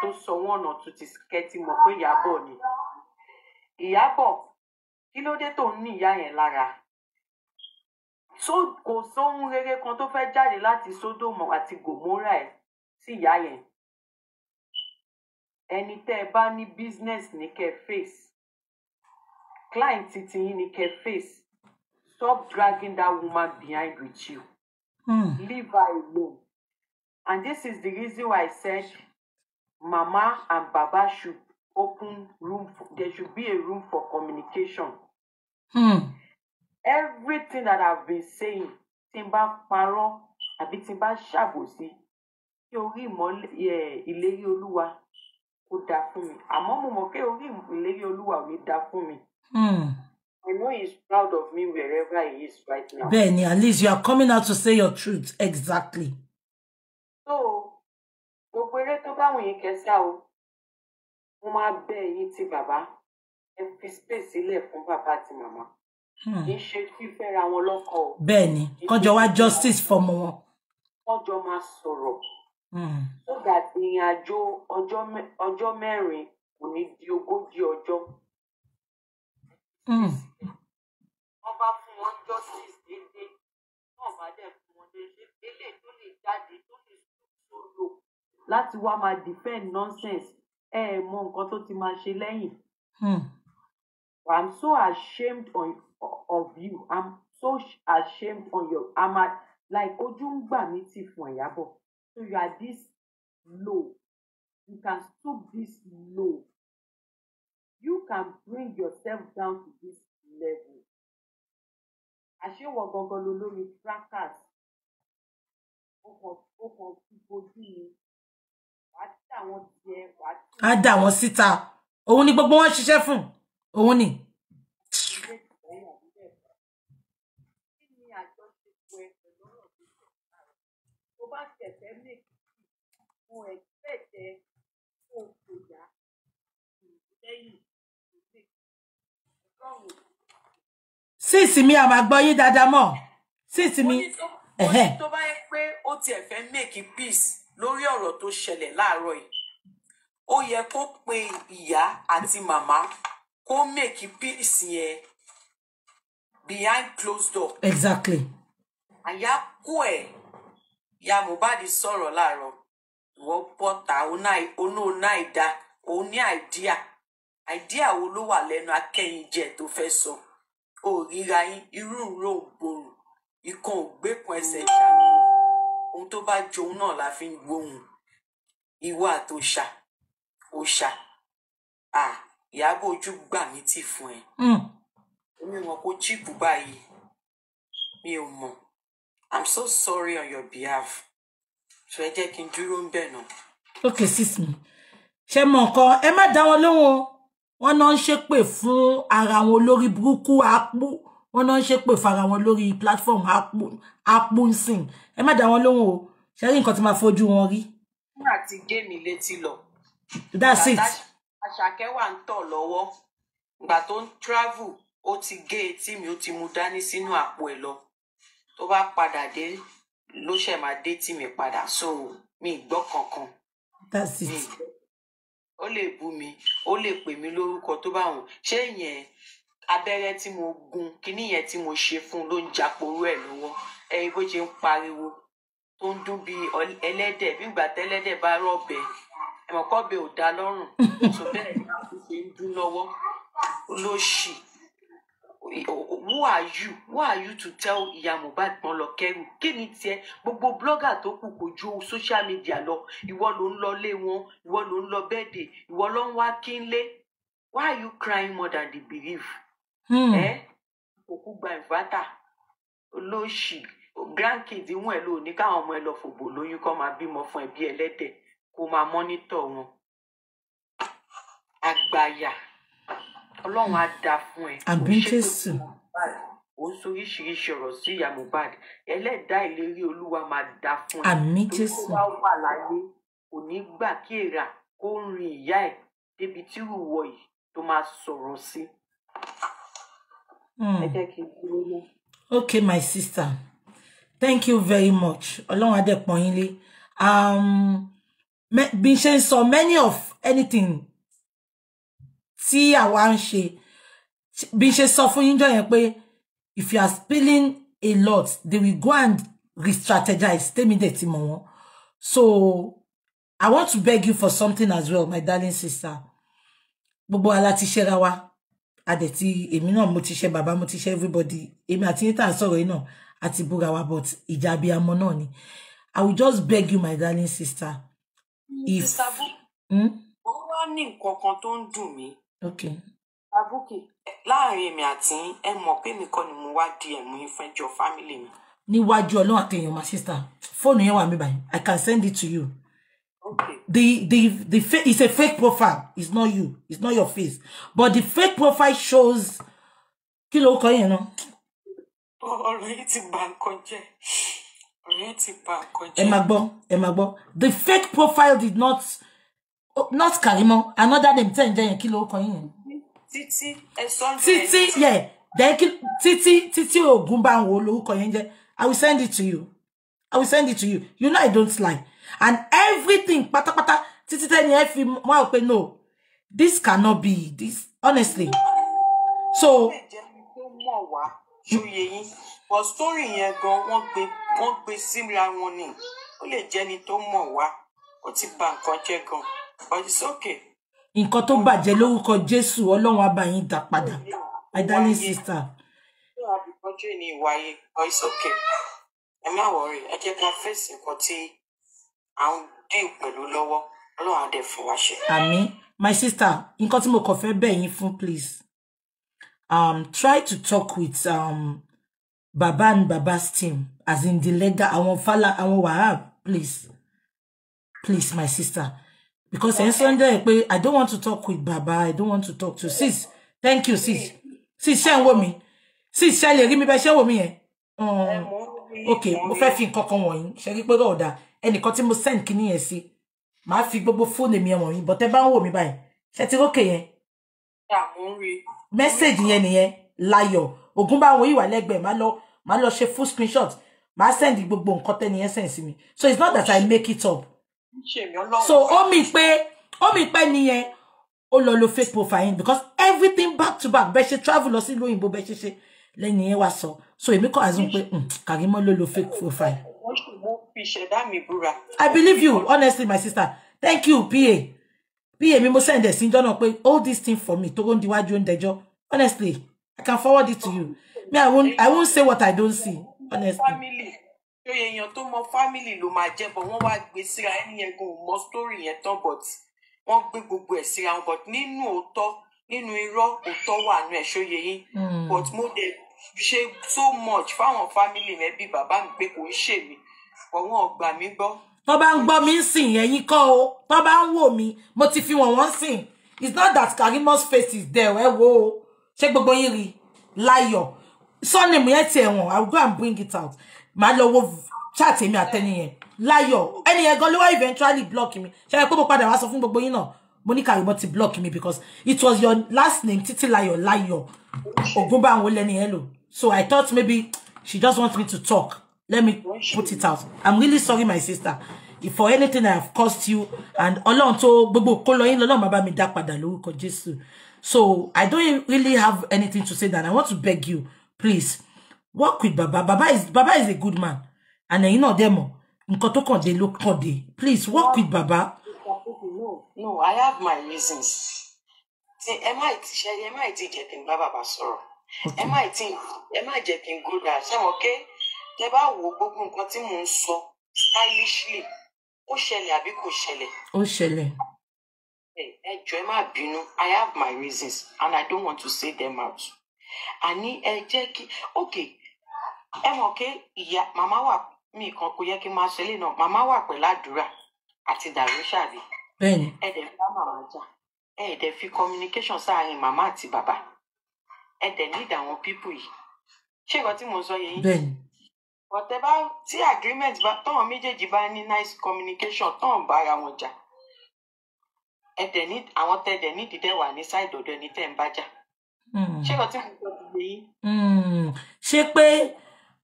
tó sọ wọ́n ọ̀nà tó ti kẹ́tì mọ̀ pé ìyábọ̀ ni ìyábọ̀ kí ló dé tó ń ní ìyá yẹn lára so kò sóhun rere kan tó fẹ́ jáde láti sódòmù àti gòmórà ẹ̀ sí ìyá yẹn ẹni tẹ́ ẹ bá ní business ní kẹ́ face client titi yín ní kẹ́ face stop dragging that woman behind with you mm. leave her alone and this is the reason why I said mama and baba should open room for, there should be a room for communication. Mm everything that I've been saying tí n bá parọ́ àbí tí n bá ṣàbòsí kí orí ìmọ́lẹ̀ ìlérí olúwa kó dáa fún mi àmọ́ mo mọ̀ pé orí ìlérí olúwa ò ní dáa fún mi. Hmm. I know he's proud of me wherever he is right now. Bẹ́ẹ̀ni, at least you are coming out to say your truth exactly. So, gbogbo eré tó bá wọ̀nyí kẹsà o, mo máa bẹ̀ yín ti bàbá, ẹ fi space sílẹ̀ fún bàbá àti màmá. Hmm. kì í ṣe fífẹ́ra wọn lọ́kọ. bẹ́ẹ̀ ni kọjọ wá justice fọmọ wọn. kọjọ máa sọ̀rọ̀. Hmm. so that ìrìn àjò ọjọ́ mẹ́rin kò ní di ogójì ọjọ́. Hmm. wọ́n bá fún wọn justice déédéé wọ́n bá dẹ̀ fún wọn déédéé eléyìí tó lè jáde tó lè sòrò láti wá máa defend nonsense ẹ ẹ mọ nǹkan tó ti máa ṣe lẹ́yìn. I'm so ashamed on of you i'm so ashamed on your i'm at, like ojú ń gbà mí tì fún ẹ̀yábọ̀ so you are this low you can stoop this low you can bring yourself down to this level àṣewọ̀ gangan ló lórí fracas ó kàn ó kàn fi bojú ni wàá dà wọ́n tiẹ̀ wàá. á dà wọ́n síta òun ni gbogbo wọn ṣiṣẹ́ fún òun ni. mo expect ẹ kó o kò yá lẹ́yìn ọlọ́run. sísì mi àmà gbọ́ yín dáadáa mọ́ sísì mi. ó ní tó bá yẹ pé ó tiẹ̀ fẹ́ make peace lórí ọ̀rọ̀ tó ṣẹlẹ̀ láàárọ̀ yìí ó yẹ kó pe ìyá àti màmá kó make peace yẹn behind closed door. exactly. àyà kú ẹ̀ ya Mohbad sọ̀rọ̀ láàárọ̀ wọ́n bọ́ta onú náìdá òun ní àìdíà àìdíà wo ló wà lẹ́nu akẹ́yìnjẹ tó fẹ́ sọ ò ríra yín irú ìró ògbòrò ikán ògbépọn ẹsẹ̀ ìṣàánú ohun tó bá jọ òun náà la fi ń gbóhùn ìwà àtòṣà òṣà à ìyàbọ̀ ojú gbà mí tì fún ẹ. Hmm. mi ò mọ̀ kó chíìpù báyìí mi ò mọ̀ i'm so sorry on your behalf ṣọ jẹ́ kí n dúró ń bẹ̀ náà. ok sis mi ṣe mọ nǹkan ẹ má dá wọn lóhùn wọn náà ń ṣépè fún ara wọn lórí burúkú àpò wọn náà ń ṣépè fún ara wọn lórí platform àpò àpò ń sìn ẹ má dá wọn lóhùn o ṣe rí nǹkan tí máa fojú wọn rí. nígbà tí géèmì létí lọ. that's it. àṣàkẹ́ wà ń tọ̀ lọ́wọ́ ìgbà tó ń travel ó ti gé etí mi ó ti mú dání sínú àpò ẹ̀ lọ tó bá padà dé ló ṣe máa dé tì mí padà so mi gbọ́ kankan. that's it. ó lè bú mi ó lè pè mí lórúkọ tó bá wù ṣé ìyẹn abẹ́rẹ́ tí mo gun kíní yẹn tí mo ṣe fún un ló ń japorú ẹ̀ lọ́wọ́ ẹ̀yin bó ṣe ń pariwo tó ń dún bíi ẹlẹ́dẹ̀ bí ìgbà tẹ́lẹ́dẹ̀ bá rọ̀bẹ̀ ẹ̀mọ̀kọ́bẹ̀ ò dá lọ́rùn tó bẹ́ẹ̀ ni wọ́n ṣe ń dún lọ́wọ́ lóṣì who are you who are you to tell ìyá Mohbad pọn lọ kẹrù kí ni tiẹ̀ gbogbo blogger tó kù kò ju social media lọ ìwọ ló ń lọ lé wọn ìwọ ló ń lọ bẹ́ẹ̀dẹ̀ ìwọ ló ń wá kí n lé why are you crying more than the belief. Hmm. ẹ òkú gba ìfátà olóòṣì grandkid wọn ẹ ló ní káwọn ọmọ ẹ lọ fògbò lóyún kó máa bímọ fún ẹ bí ẹlẹ́dẹ̀ kó máa mọ́nítọ̀ wọn àgbàyà ọlọ́run á dáa fún ẹ àmì jésù ó ń soríṣiríṣi ọ̀rọ̀ sí ìyá Mohbad ẹlẹ́dàá ìlérí olúwa máa dáa fún ẹ àmì jésù tó bá wà láyé kò ní gbà kí èrà kó rin ìyá ẹ débi tí ìwọ yìí tó máa sọ̀rọ̀ sí. Hmm. ẹ jẹ́ kí n dúró mọ́. okay my sister thank you very much ọlọ́run adẹ́pọ̀nyínlé um, bí n ṣe ń sọ many of anything tí àwa ń ṣe bí ṣe sọ fún yín yẹn pé if you are spilling a lot they will go and re-strategize tèmi dẹ̀ ti mọ̀ wọ́n so i want to beg you for something as well my darling sister gbogbo ala ti ṣẹra wa adẹ̀ ti èmi náà mo ti ṣe bàbá mo ti ṣe everybody èmi àti yín tá à ń sọ̀rọ̀ yìí náà àti búra wa but ìjà abiyamọ náà ni i will just beg you my darling sister. Mm, if. sister bu. Hmm? wá ní nǹkan kan tó ń dùn mí Okay. Abuki, láàrin èmi àti ẹ mọ̀ pé nìkan ni mo wá di ẹ̀mú ìfẹ́jọ fámìlì mi. Níwájú Ọlọ́run àti èèyàn, my sister, fóònù yẹn wà mí báyìí, I can send it to you. Okay. The the the fake it's a fake profile. It's not you. It's not your face. But the fake profile shows kí ló kọ yẹn náà. Ọ̀rọ̀ yìí ti bà nǹkan jẹ́. The fake profile did not. Oh, not Karimo another name ten jẹ́ kilo coin. Titi kọ yín Titi títí ẹ̀sọ́ rẹ̀ títí yẹ then títí títí oògùn bá I will send it to you I will send it to you you know I don't lie and everything pata pata Titi ẹ fi mọ́ ọ no this cannot be this honestly so. but story yẹn gan wọ́n gbé wọ́n gbé síra wọn ni ó lè jẹ́ni tó mọ̀ but it's okay. In tó bàjẹ́ lórúkọ jésù ọlọ́run á bá yín dá padà my darling sister. ìwáyé ní ìwáyé but it's okay ẹ má worried? ẹ jẹ́ ká in koti, I'm deep ń dín pẹ̀lú lọ́wọ́ ọlọ́run á dẹ̀ fún my sister In koti mo kàn fẹ́ bẹ̀ yín please um, try to talk with um, baba and baba's team as in the leader àwọn fala àwọn wahab please please my sister because okay. Sunday pé I don't want to talk with Baba I don't want to talk to sis thank you sis sis ṣe ń wò mí sis ṣe me. rí mi bẹ́ẹ̀ ṣe ń wò mí yẹn um, ok mo fẹ́ fi nǹkan kan wọ̀nyí ṣe rí pé bẹ́ẹ̀ ọ̀dà ẹnìkan tí mo send kíní yẹn sí màá fi gbogbo fóònù mi ẹ̀wọ̀n yìí bọ́tẹ́ bá ń wò mí okay. ṣe ti rókè yẹn mẹ́sẹ̀gì yẹn nìyẹn láyọ̀ ògún bá wọn ìwà lẹ́gbẹ̀ẹ́ má lọ má lọ ṣe full screenshot màá send gbogbo nǹkan tẹ́ni yẹn send sí so it's not that I make it up so ó mi pé ó mi pé nìyẹn ó lọ lo fake profile because everything back to back be ṣe travel lọ sí ìlú òyìnbó bẹ́ẹ̀ ṣe ṣe lẹ́yìn yẹn wá sọ so èmi kọ́ àzún pé hmm, Karimo ló lo fake profile. I believe you honestly my sister thank you PA PA mi mo send ẹ̀ sí jọ́nà all this thing for me tó ń diwájú ń honestly I can forward it to you me I won't I won't say what I don't see honestly tó yẹ èèyàn tó mọ fámìlì ló máa jẹ́ bọ̀ wọ́n wá gbé síra ẹni yẹn gan mọ sítórì yẹn tán but wọ́n gbé gbogbo ẹ̀ síra wọn but nínú òótọ́ nínú irọ́ òótọ́ wà nù ẹ̀ ṣó yẹ yín hmm. but mo dẹ̀ ṣe so much fáwọn fámìlì mi bí bàbá mi pé kò ń ṣe mí but wọn ò gbà mí gbọ́. tó bá ń gbọ́ mi ń sìn yẹn yín kọ́ o tó bá ń wò mí mo ti fi wọ̀n wọ́n sìn it's not that Karimo's face is there ẹ wo ṣé gbogbo yín rí láyọ̀ sọ́ni mi ẹ̀ tiẹ̀ wọ̀n I will go and bring it out màá lọ wo chat èmi àtẹni yẹn láyọ̀ ẹni yẹn gan ló wá eventually block me. ṣe é pé mo padà wá sọ fún gbogbo yín náà mo you must mo ti block mi because it was your last name Titi títí láyọ̀ láyọ̀ ògúnbàwò lẹni yẹn lò so i thought maybe she just wants me to talk let me put it out i'm really sorry my sister if for anything i have cost you and Ọlọ́run tó gbogbo kó lọ yín lọ́lọ́run bàbá mi dá padà lórúkọ Jésù so i don't really have anything to say that i want to beg you please work with baba baba is baba is a good man and ẹ̀yin náà dẹ̀ mọ̀ nǹkan tó kàn dé ló please work with baba. no no i have my reasons ẹ má ti ṣe ẹ má ti jẹ kí n bá bàbá sọ̀rọ̀ ẹ má ti ẹ má jẹ kí n go down wo gbogbo nǹkan tí mò ń stylishly ó ṣẹlẹ̀ àbí kò ṣẹlẹ̀. ó ṣẹlẹ̀. ẹ jọ̀ọ́ ẹ má bínú i have my reasons and i don't want to say them out. Ani, ẹ jẹ́ kí okay ẹ mọ̀ pé ìyá màmá wà mí kan kò yẹ kí n máa ṣe lè náà màmá wà pẹ̀lú àdúrà àti dàrúṣàbí ẹ dẹ̀ bá màmá jà ẹ dẹ̀ fi communication sáàárín màmá àti bàbá ẹ dẹ̀ need àwọn pípù yìí ṣé ìkan tí mo sọ yẹn yín ọ̀tẹ̀ bá tí agreement bá tọ́wọ́n méjèèjì bá ní nice communication tọ́wọ́n bá ara wọn jà ẹ dẹ̀ ní àwọn tẹ dẹ̀ ní dídẹ́ wà ní side ọ̀dọ̀ ẹni tẹ́ ń bá jà hmm. ṣé ìkan tí mo sọ yẹn yín. Hmm. ṣé pé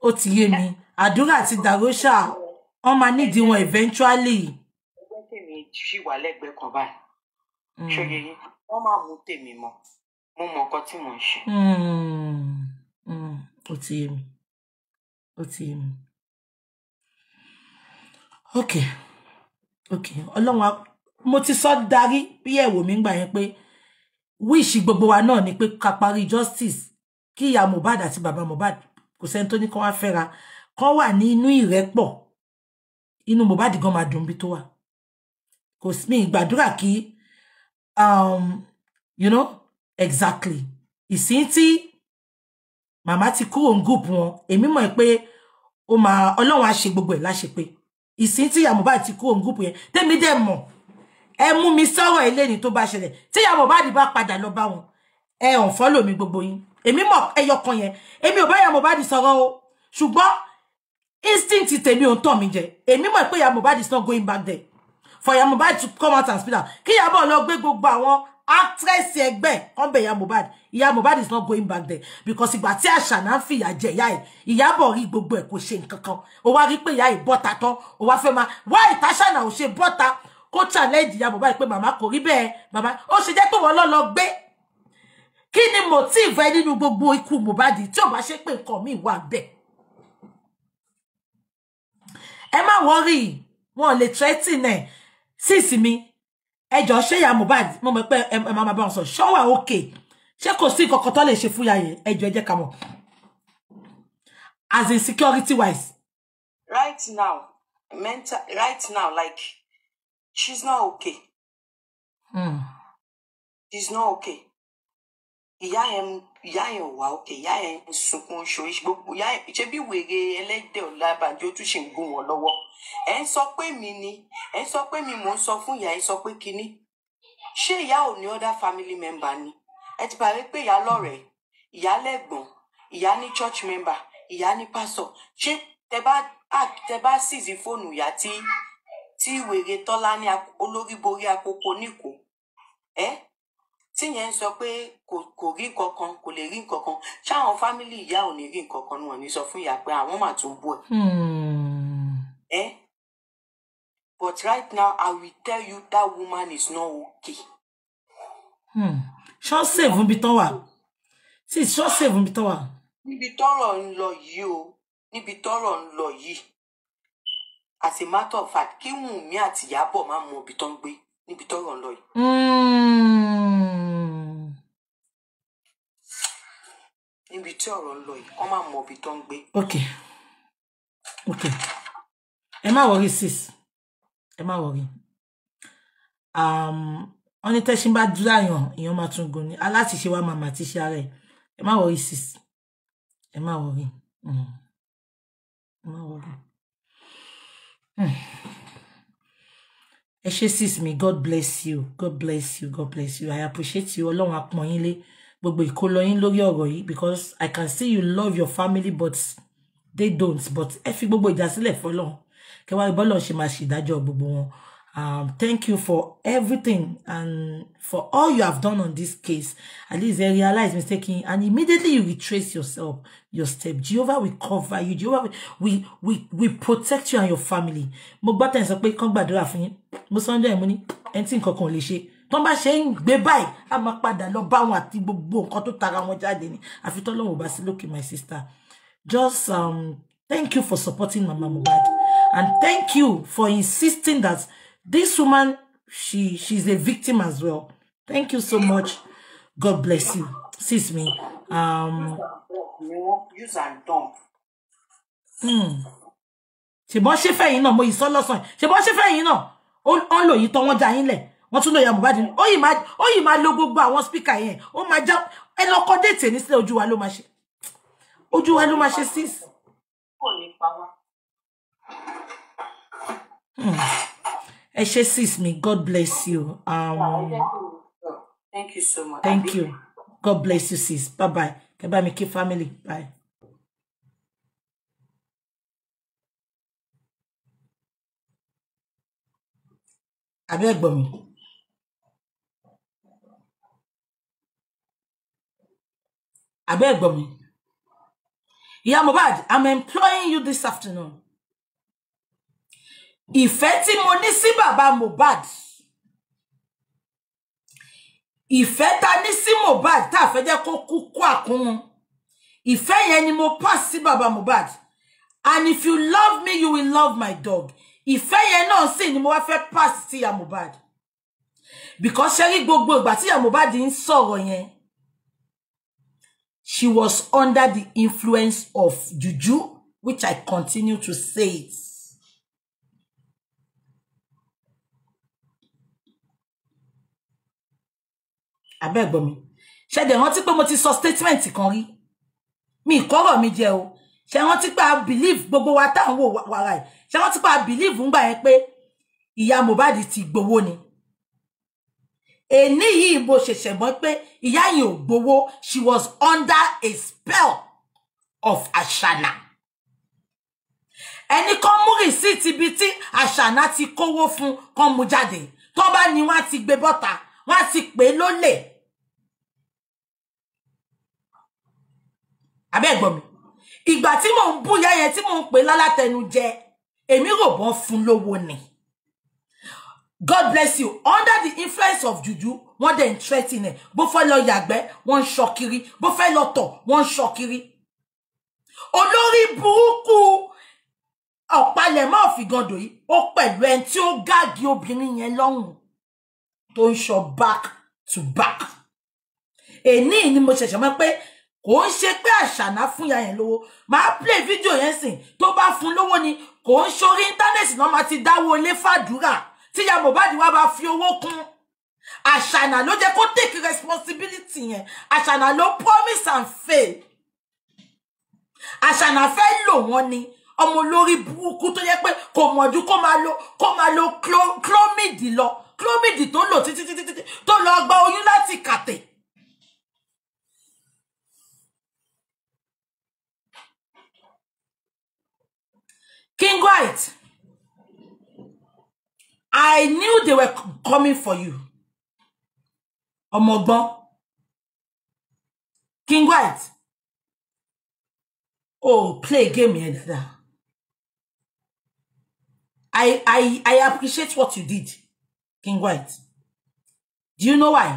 ó ti yé mi àdúrà àti dàróṣà wọn máa nídìí wọn eventually. ẹgbẹ́ tèmi ṣì wà lẹ́gbẹ̀ẹ́ kan báyìí hmm. ṣòye yìí wọ́n máa mú tèmi mọ́ mo mọ nǹkan tí mò ń ṣe. Hmm. Hmm. ó ti yé mi ó ti yé mi ok ok ọlọ́run mo ti sọ darí bí ẹ̀wò mi gbà yẹn pé wíṣì gbogbo wa náà ni pé ká parí justice kí ìyá Mohbad àti bàbá Mohbad kò sẹ́ni tó ní kọ́ wá fẹ́ra kọ́ wà ní inú ìrẹ́pọ̀ inú Mohbad gan máa dùn bí tó wà kò sí mi kí um, you know exactly ìsín tí màmá ti kúrò ń gúùpù wọn èmi mọ̀ pé ó máa ọlọ́run á ṣe gbogbo ẹ̀ láṣepé ìsín tí ìyá Mohbad ti kúrò ń gúùpù yẹn tẹ́mi dẹ̀ mọ̀ ẹ mú mi sọ̀rọ̀ eléyìí tó bá ṣẹlẹ̀ tí ìyá Mohbad bá padà lọ bá wọn ẹ ọ̀n fọ́lò mi gbogbo yín èmi mọ̀ ẹyọ kan yẹn èmi ò bá ya Mohbad sọ̀rọ̀ o ṣùgbọ́n instinct tèmi ò ń tàn mí jẹ èmi mọ̀ pé ya Mohbad is not going back there for ya Mohbad to come out and speak out kí ya bọ̀ lọ gbé gbogbo àwọn actress ẹgbẹ́ kan bẹ̀ ya Mohbad ya Mohbad is not going back there because ìgbà tí Àṣànà ń fìyà jẹ ìyá ẹ̀ Ìyábọ̀ rí gbogbo ẹ̀ kò ṣe nǹkan kan ó wá rí pé ìyá ẹ̀ bọ́ta tán ó wá fẹ́ máa wá ìtàṣànà ò ṣe bọ́ta kó challenge ya Mohbad pé màmá kò rí bẹ́ẹ̀ màmá ó ṣe jẹ́ pé wọ́n lọ́ lọ gbé kí ni motive ẹ nínú gbogbo ikú Mohbad tí ò bá ṣe pé nǹkan míì wà bẹ́ẹ̀ ẹ má wọrí wọn lè threaten ẹ sísì mi ẹ jọ ṣé ìyá Mohbad mo mọ̀ pé ẹ máa bá wọn sọ ṣọwà òkè ṣé kò sí nǹkan kan tó lè ṣe fún yàyẹ ẹ jọ ẹ jẹ́ ká mọ̀ as in security wise. right now mental right now like she's not okay. Mm. she's not okay ìyá yẹn ìyá yẹn wà òkè ìyá yẹn sunkún ṣoríṣi gbogbo ìyá yẹn ṣe bí wèrè ẹlẹ́dẹ̀ ọ̀làbàjẹ́ ó tún ṣe ń gún wọn lọ́wọ́ ẹ̀ ń sọ pé mi ni ẹ̀ ń sọ pé mi mò ń sọ fún ìyá ẹ̀ sọ pé kinní ṣé ìyá ò ní other family member ni ẹ ti parí pé ìyá lọ́rẹ̀ẹ́ ìyá lẹ́gbọ̀n ìyá ní church member ìyá ní pastor ṣé tẹ bá tẹ bá ṣìṣì fóònù ìyá tí tí wèrè tọ́lá ní olórí borí akoko níkò ẹ́ eh? tíyẹn ń sọ pé kò rí nǹkan kan kò lè rí nǹkan kan ṣáwọn fámìlì ìyá ò ní rí nǹkan kan wọn ní sọ fún ìyá pé àwọn mà tún bú hmm. ẹ. but right now i will tell you that woman is not okay. Hmm. ṣọ́ sèvù bí tán wà sí ṣọ́ sèvù bí tán wà. níbi tọ́rọ̀ ń lọ yìí o níbi tọ́rọ̀ ń lọ yìí as a matter of fact kí Wùnmí àtìyábọ̀ máa mọ ibi tó ń gbé níbi tọ́rọ̀ ń lọ yìí. Hmm. níbi tí ọ̀rọ̀ ń lọ yìí kọ́ máa mọ ibi tó ń gbé. ok ok ẹ má wọrí sis ẹ má wọrí wọ́n ní tẹ́sí bá dúró àyàn èèyàn máa tún gun ni aláṣìṣe wa màmá ti ṣe ara ẹ̀ ẹ má wọrí sis ẹ má wọrí mm. ẹ má wọrí mm. ẹ ṣé sis mi god bless you god bless you god bless you i appreciate you ọlọ́run apọ̀nyínlé gbogbo ìkólọ yín lórí ọ̀rọ̀ yìí because I can see you love your family but they don't but ẹ fi gbogbo ìjà sílẹ̀ fọlọ́run kẹwàá ìbọ́lọ̀ ṣe máa ṣèdájọ́ gbogbo wọn um, thank you for everything and for all you have done on this case. At least they realize mistaking and immediately you retrace yourself, your step. Jehovah will cover you. Jehovah will, will, will, will protect you and your family. Mo gbọ́ tẹ̀ ń sọ pé kán gbàdúrà fún yín. Mo sọ ń jẹ́ ìmúni, ẹni tí nǹkan kan ò lè ṣe bọ́n bá ṣe ń gbé báyìí a máa padà lọ bá wọn àti gbogbo nǹkan tó tara wọn jáde ni àfi tọ́lọ́run ò bá sí lókè my sister just um, thank you for supporting Mama Mohbad and thank you for insisting that this woman she she's a victim as well thank you so much God bless you sis me. Um, use and dump. Mm ṣèbọn ṣe fẹyìn náà mo yìí sọ lọsàn ṣèbọn ṣe fẹyìn náà ó ń lò yìí tán wọn já yín lẹ wọ́n tún lóye Mohbad ó yìí máa ó yìí máa lo gbogbo àwọn spíkà yẹn ó máa já ẹnu ọkọ déètì ní sílẹ̀ ojú wa ló máa ṣe ojú wa ló máa ṣe sis. Hmm. ẹ ṣe sis mi God bless you. Um, thank you so much. thank you God bless you sis bye bye kẹ́ bá mi kí family bye. abẹ́ gbọ̀n mi. abẹ́ ẹ̀gbọ́n mi ìyá Mohbad i'm employing you this afternoon If any money ní sí bàbá Mohbad ìfẹ́ ta ní sí Mohbad tá a fẹ́ jẹ́ kó kú kó àkúnun ìfẹ́ yẹn mo pass sí bàbá Mohbad and if you love me you will love my dog If any náà sì ni mo wá fẹ́ pass sí ìyá Mohbad because ṣe rí gbogbo ìgbà tí ìyá Mohbad ń sọ̀rọ̀ yẹn she was under the influence of juju, which I continue to say it. Abẹ́gbọ́n mi. Ṣé dẹ̀ rántí pé mo ti sọ statement kan rí? Mi ìkọ́rọ̀ mi jẹ o. Ṣé rántí pé I believe gbogbo wa tá à ń wò wàrà ẹ̀? Ṣé I believe ń gbà yẹn pé ìyá Mohbad ti gbowó ni? èní yìí bó ṣẹ̀ṣẹ̀ mọ̀ pé ìyá yìí ò gbowó she was under a spell of àṣànà ẹni kan mú rìsíìtì ibi tí àṣànà ti kówó fún kan mú jáde tó bá ní wọ́n ti gbé bọ́ta wọ́n ti pè lólè abẹ́ ẹ̀gbọ́n mi ìgbà tí mò ń bú yẹyẹ tí mò ń pè lálátẹnu jẹ èmi rò bọ́ fún lówó ni. God bless you. Under the influence of juju, one dẹ̀ ń threaten ẹ̀. Yagbe, one lọ yàgbẹ́, wọ́n ń one kiri. Bó Buku, lọ tọ̀, wọ́n ń ṣọ́ kiri. Olórí burúkú ọ̀pálẹ̀mọ́ ọ̀fìgàndò yìí, ó pẹ̀lú ẹni tí ó gáàgì obìnrin back to back. Èní ni ni mo ṣẹ̀ṣẹ̀ mọ̀ pé kò ń ṣe pé àṣàná fún ya yẹn lówó. Màá play fídíò yẹn To ba fun lo lówó ni kò ń ṣorí íńtánẹ́ẹ̀tì náà máa ti dáwọ́ ilé fàdúrà tíya Mohbad wá bá fi owó kún àṣànà ló jẹ́ kó take responsibility yẹn àṣànà ló promise and fail àṣànà fẹ́ lò wọ́n ni ọmọ olórí burúkú tó yẹ pé kò mọ̀jú kó máa lo kó máa lo clomid lọ clomid tó lò títí títí títí tó lọ gba oyún láti kàtẹ́. King White I knew they were coming for you. Ọmọgbọ́n. King White. Oh, play game here, Dada. I, I, I appreciate what you did, King White. Do you know why?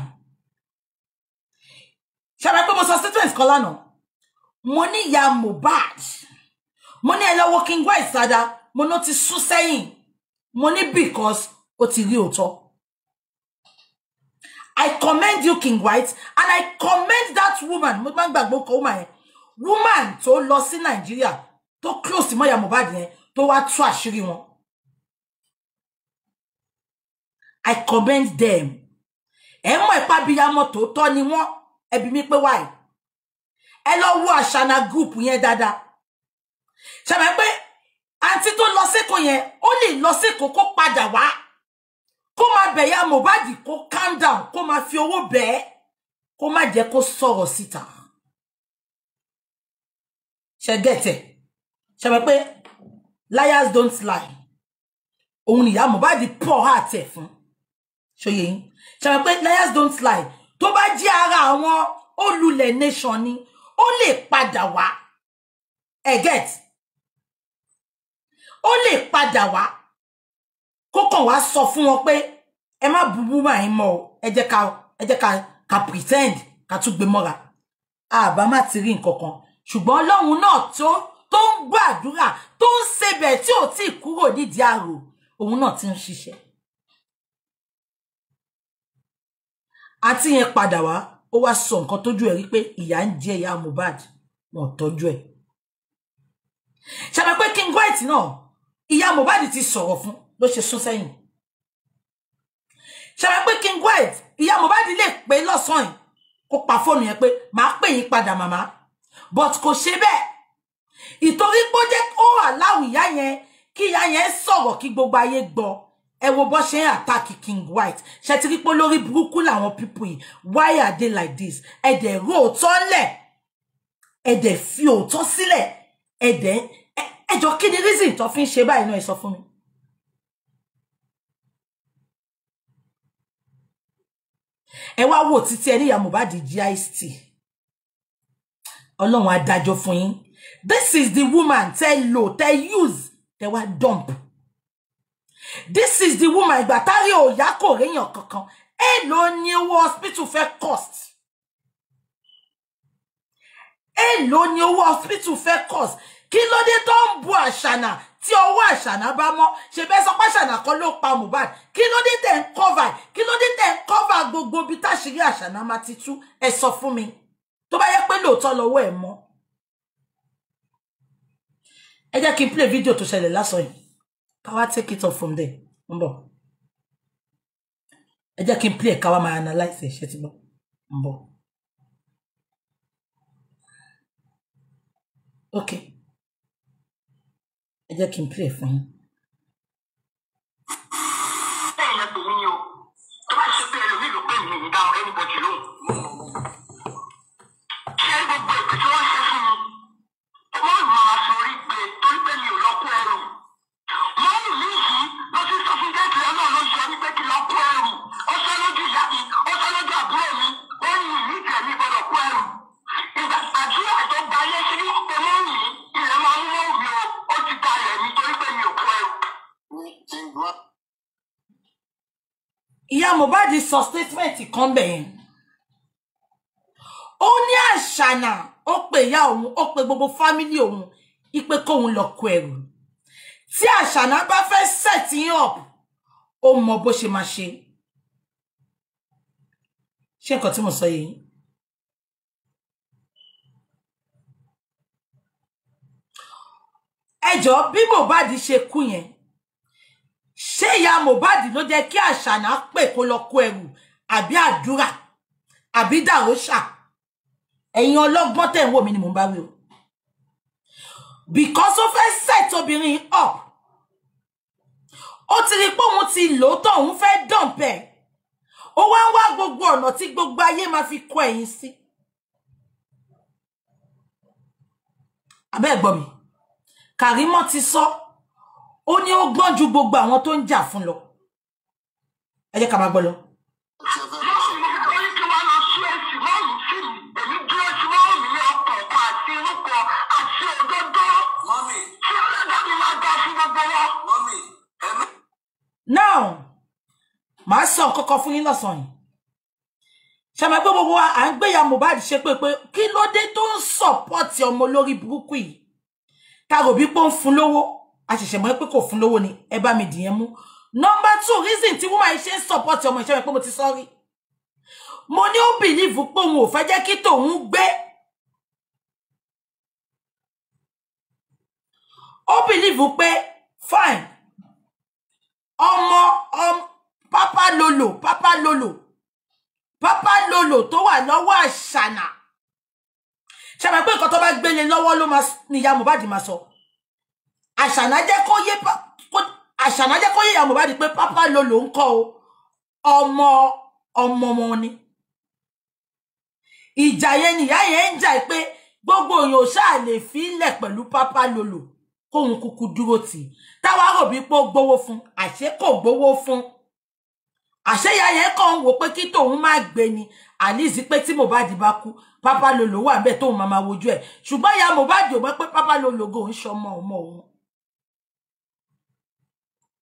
Ṣẹ̀rẹ̀ pé mo sọ statement kan lánàá. Mo ní ìyá Mohbad. Mo ní ẹ lọ́wọ́ King White sada. Mo ní ó ti Money because o ti rí òótọ́. I commend you King White and I commend that woman mo máa gbàgbọ́ kọ woman yẹn woman tó lọ sí Nàìjíríà tó close mọ́ ìyá Mohbad yẹn tó wá tú àṣírí wọn. I commend them. Ẹ mọ̀ ẹ̀ pàbíyamọ tòótọ́ ni wọ́n ẹbí mi pé wáyé. Ẹ lọ wo àṣàna group yẹn dáadáa. Ṣàmì pé àǹtí tó lọ sékòó yẹn ó lè lọ sékòó kó padà wá kó máa bẹ̀yà Mohbad kó calm down kó máa fi owó bẹ̀ẹ́ kó má jẹ́ kó sọ̀rọ̀ síta ṣe gẹ̀tẹ̀ pé liars don't lie òun nìyá Mohbad pọ̀ àtẹ̀ fún ṣòye yín ṣe mọ̀ pé liars don't lie tó bá jẹ́ ara àwọn olùlẹ̀ nation ni ó lè padà wá ẹ̀ ó lè padà wá kó kàn wá sọ fún wọn pé ẹ má bubú máa ń mọ o ẹ jẹ́ ká ẹ jẹ́ ká ká pretend ká tún gbé mọ́ra àbá má ti rí nǹkan kan ṣùgbọ́n ọlọ́run náà tó tó ń gbàdúrà tó ń sebẹ̀ tí ò tí kúrò nídìí àrò òun náà ti ń ṣiṣẹ́ àti yẹn padà wá ó wá sọ nǹkan tójú ẹ̀ rí pé ìyá ń jẹ ìyá Mohbad wọn tọ́jú ẹ̀ ṣàbẹ pé King White náà ìyá Mohbad ti sọ̀rọ̀ fún ló ṣe sún sẹ́yìn ṣe pé King White ìyá Mohbad lè pé lọ́sàn-án yìí kó pa fóònù yẹn pé màá pè yín padà màmá but kò ṣe bẹ́ẹ̀ ìtorí pé ó jẹ́ ó wà láwùí ìyá yẹn kí ìyá yẹn sọ̀rọ̀ kí gbogbo ayé gbọ́ ẹ wo bó ṣe ń àtàkì King White ṣe ti rí pé lórí burúkú làwọn pípù yìí why are they like this ẹ̀dẹ̀ rò ó tán lẹ̀ ẹ̀dẹ̀ fi òótọ́ sílẹ̀ ẹ̀dẹ̀ ẹjọ́ kí ni reason tó fi ń ṣe báyìí náà ẹ sọ fún mi. ẹ wá wò títí ẹ níyà Mohbad gist Ọlọ́run adájọ́ fún yín this is the woman tẹ́ lò tẹ́ use tẹ́ wá dump this is the woman ìgbà tárí òyà kò réyàn kankan ẹ ló ní owó hospital fẹ́ cost ẹ ló ní owó hospital fẹ́ cost kí ló dé tó ń bu àṣànà tí ọwọ́ àṣànà bá mọ́ ṣe bẹ́ẹ̀ sọ pé àṣànà kan ló pa Mohbad kí ló dé tẹ̀ ń kọ́va kí ló dé tẹ̀ ń kọ́va gbogbo ibi táṣìírí àṣànà máa ti tú ẹ sọ fún mi tó bá yẹ pé lóòótọ́ lọ́wọ́ ẹ̀ mọ́ ẹ jẹ́ kí n play video tó ṣẹlẹ̀ lásán yìí káwá take it off from there ń bọ̀ ẹ jẹ́ kí n play káwá máa analyse ẹ̀ ṣe ti bọ̀ ń bọ̀ okay. I just can n play fún ìyá Mohbad sọ statement kan bẹ́ẹ̀ ó ní àṣànà ó pe ìyá òun ó pe gbogbo fámílì òun ipe kóun lọ kó ẹrù tí àṣànà bá fẹ́ set up O mọ bó ṣe máa ṣe ṣé nǹkan tí mo sọ yìí ẹjọ́ bí Mohbad ṣe kú yẹn ṣé ìyá Mohbad ló jẹ́ kí àṣànà pè kó lọ kó ẹrù àbí àdúrà àbí dàróṣà ẹ̀yin ọlọ́gbọ́n tẹ̀ ń wò mí ni mò ń bá wí o because ó fẹ́ set obìnrin up ó ti rí pé òun ti lò ó tán òun fẹ́ dọ̀m̀pẹ̀ ó wá ń wá gbogbo ọ̀nà tí gbogbo ayé máa fi kọ ẹ̀yìn sí abẹ́ ẹ̀gbọ́n mi Kàrímọ́ ti sọ. So, ó ní ó gbọ́n ju gbogbo àwọn tó ń jà fún lọ ẹ jẹ́ ká máa gbọ́ lọ. now màá sọ kọkọ fún yín lọ́sàn yìí ṣàmì pé gbogbo wa à ń gbéyà Mohbad ṣe pé pé kí ló dé tó ń sọpọ́ọ̀tì ọmọ olórí burúkú yìí tá a rò bí pé ó ń fún lówó a ṣẹ̀ṣẹ̀ mọ̀ pé kò fún lówó ni ẹ bá mi dìyẹn mú number two reason tí woman ṣe ń support ọmọ ìṣẹ́ mi pé mo ti sọ́rí mo ní ó bìlíìfù pé òun ò fẹ́ jẹ́ kí tòun gbé ó bìlíìfù pé fine ọmọ pápá lolo pápá lolo pápá lolo tó wà lọ́wọ́ àṣànà ṣàbẹ̀ pé nǹkan tó bá gbélé lọ́wọ́ ló máa níyà Mohbad máa sọ. So àṣànà jẹ́ kó yé àṣànà jẹ́ kó yé ìyá Mohbad pé pápá lo ló ń kọ́ o ọmọ ọmọ wọn ni ìjà yẹn nìyá yẹn ń jà pé gbogbo èèyàn ṣáà lè fílẹ̀ pẹ̀lú pápá lolo kóhun kúkú dúró tì táwa rò bí pé ó gbowó fún àṣé kò gbowó fún àṣeyà yẹn kàn ń wò pé kí tòun má gbé ni àlìsí pé tí Mohbad bá kú pápá lolo wà bẹ́ẹ̀ tóun máa máa wojú ẹ̀ ṣùgbọ́n ìyá Mohbad ò mọ̀ pé pápá lolo gò ń ṣọmọ ọmọ òun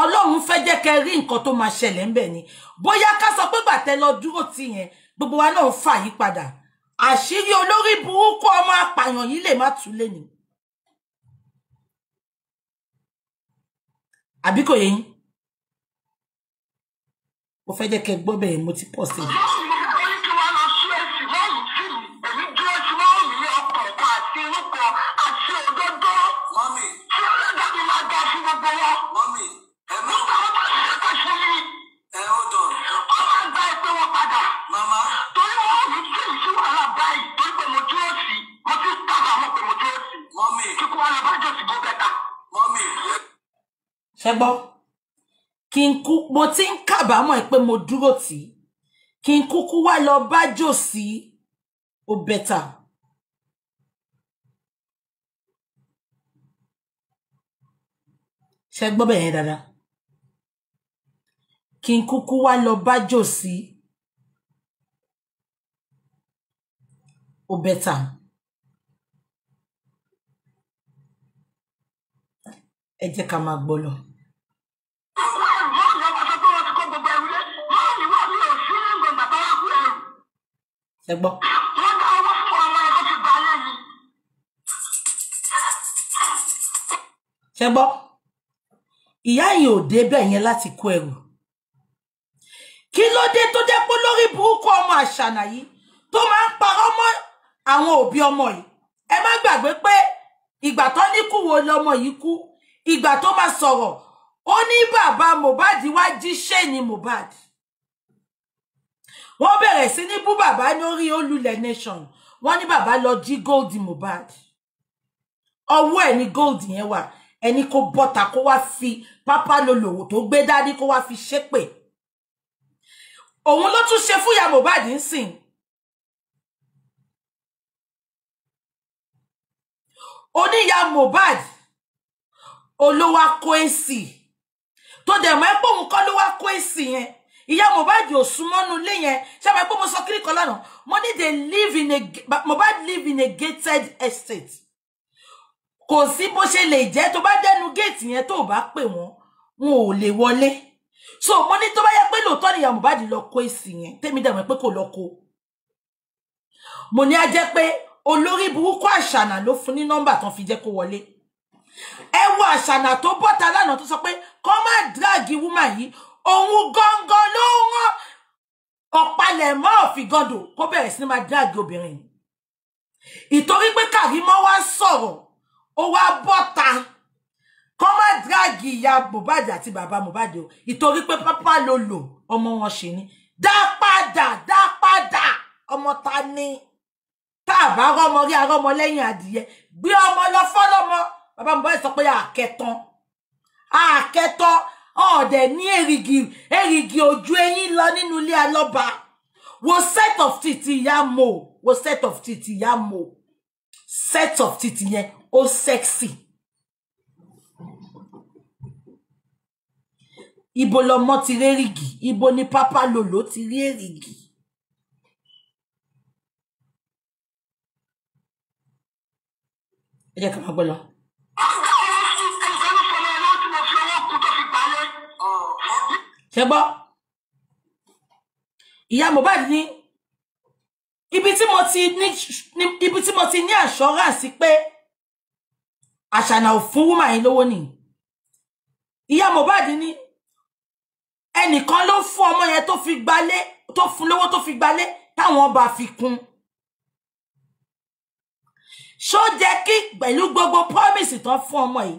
ọlọ́run fẹ́ jẹ́ kẹ́ rí nǹkan tó máa ṣẹlẹ̀ ńbẹ̀ ni bóyá ká sọ pé gbàtẹ́ lọ dúró tì yẹn gbogbo wa náà fà yí padà àṣírí olórí burúkú ọmọ apààyàn yìí lè má tú ni. àbí kò yẹ yín mo fẹ́ jẹ́ kẹ́ gbọ́ bẹ́ẹ̀ mo ti pọ̀ sí i. Mommy. ṣe gbọ́ kí n kú mo ti ń kábàámọ̀ pé mo dúró tì í kí n kúkú wá lọ bá jòsí ó bẹ́tà. ṣe gbọ́ bẹ̀yẹn dáadáa kí n kúkú wá lọ bá jòsí ó bẹ́tà. ẹ jẹ́ ká máa gbọ́ lọ. ẹ gbọ́. wọ́n dá owó fún ọmọ ẹ̀ tó fi gbà lẹ́nu. ṣe gbọ́ ìyá yìí ò débẹ̀ yẹn láti kó ẹrù kí ló dé tó jẹ́ pé lórí burúkú ọmọ àṣànà yìí tó máa ń parọ́ mọ́ àwọn òbí ọmọ yìí ẹ má gbàgbé pé ìgbà tó ní kú wo lọmọ yìí kú ìgbà tó máa sọ̀rọ̀ ó ní bàbá Mohbad wá jíṣẹ́ ní Mohbad wọ́n bẹ̀rẹ̀ sí ní bú bàbá lórí olùlẹ̀ nation wọ́n ní bàbá lọ jí gold Mohbad ọwọ́ ẹ̀ ní gold yẹn wà ẹni kó bọ́ta kó wá fi pápá lolòwò tó gbé dání kó wá fi ṣépè òun ló tún ṣe fúyà Mohbad ń sìn oníyà Mohbad olówó akó èsì tó dẹ̀ mọ́ ẹ́ pòun kọ́ ló wá kó èsì yẹn ìyá Mohbad ò súnmọ́nú ilé yẹn ṣàbẹ̀ pé mo sọ kiri kan lánàá mo ní they live in a Mohbad live in a gated estate kò sí bó ṣe lè jẹ́ tó bá dẹnu géètì yẹn tó bá pè wọ́n wọn ò lè wọlé so mo ní tó bá yẹ pé lóòótọ́ ni ìyá Mohbad lọ kó èsì yẹn tèmi dẹ̀ mọ̀ pé kò lọ kó mo ní á jẹ́ pé olórí burúkú àṣànà ló fún ní nọ́mbà tán fi jẹ́ kó wọlé ẹ wo àṣànà tó bọ́ta lánàá tó sọ pé kọ́ má dráàgì wúmà yìí òun gangan ló ń rán ọ̀pálẹ̀mọ́ ọ̀fìgọ́dọ̀ kó bẹ̀rẹ̀ sí ní máa dáàgì obìnrin ìtorí pé Kàrímọ́ wá sọ̀rọ̀ ó wá bọ́ta kọ́ má dráàgì ìyá Mohbad àti bàbá Mohbad o ìtorí pé pápá ló lò ọmọ wọn ṣe ni dá padà dá padà ọmọ ta ni tá a bá rọmọ rí arọmọ lẹ́yìn adìyẹ gbé ọmọ lọ fọ́lọ́mọ bàbá Mohbad sọ pé àkẹtàn àkẹtàn ọ̀dẹ̀ ní èrìgì èrìgì ojú eyín lọ nínú ilé alọ́ba wo set of titi ìyá mo wo set of titi ìyá mo set of titi yẹn ó sexy. ibo lọmọ ti rí èrìgì ibo ni pápá lòló ti rí èrìgì. ẹ jẹ́ ká máa gbọ́ lọ. ṣe iya ìyá Mohbad ní ibi tí mo ti ní ibi tí mo ti ní assurance pé àṣànà ò fún woman yìí lówó nìyí ìyá Mohbad ní ẹnìkan ló fún ọmọ yẹn tó fi gbalé tó fún lówó tó fi gbalé táwọn ọba fi kún ṣó jẹ́ kí pẹ̀lú gbogbo promise tó fún ọmọ yìí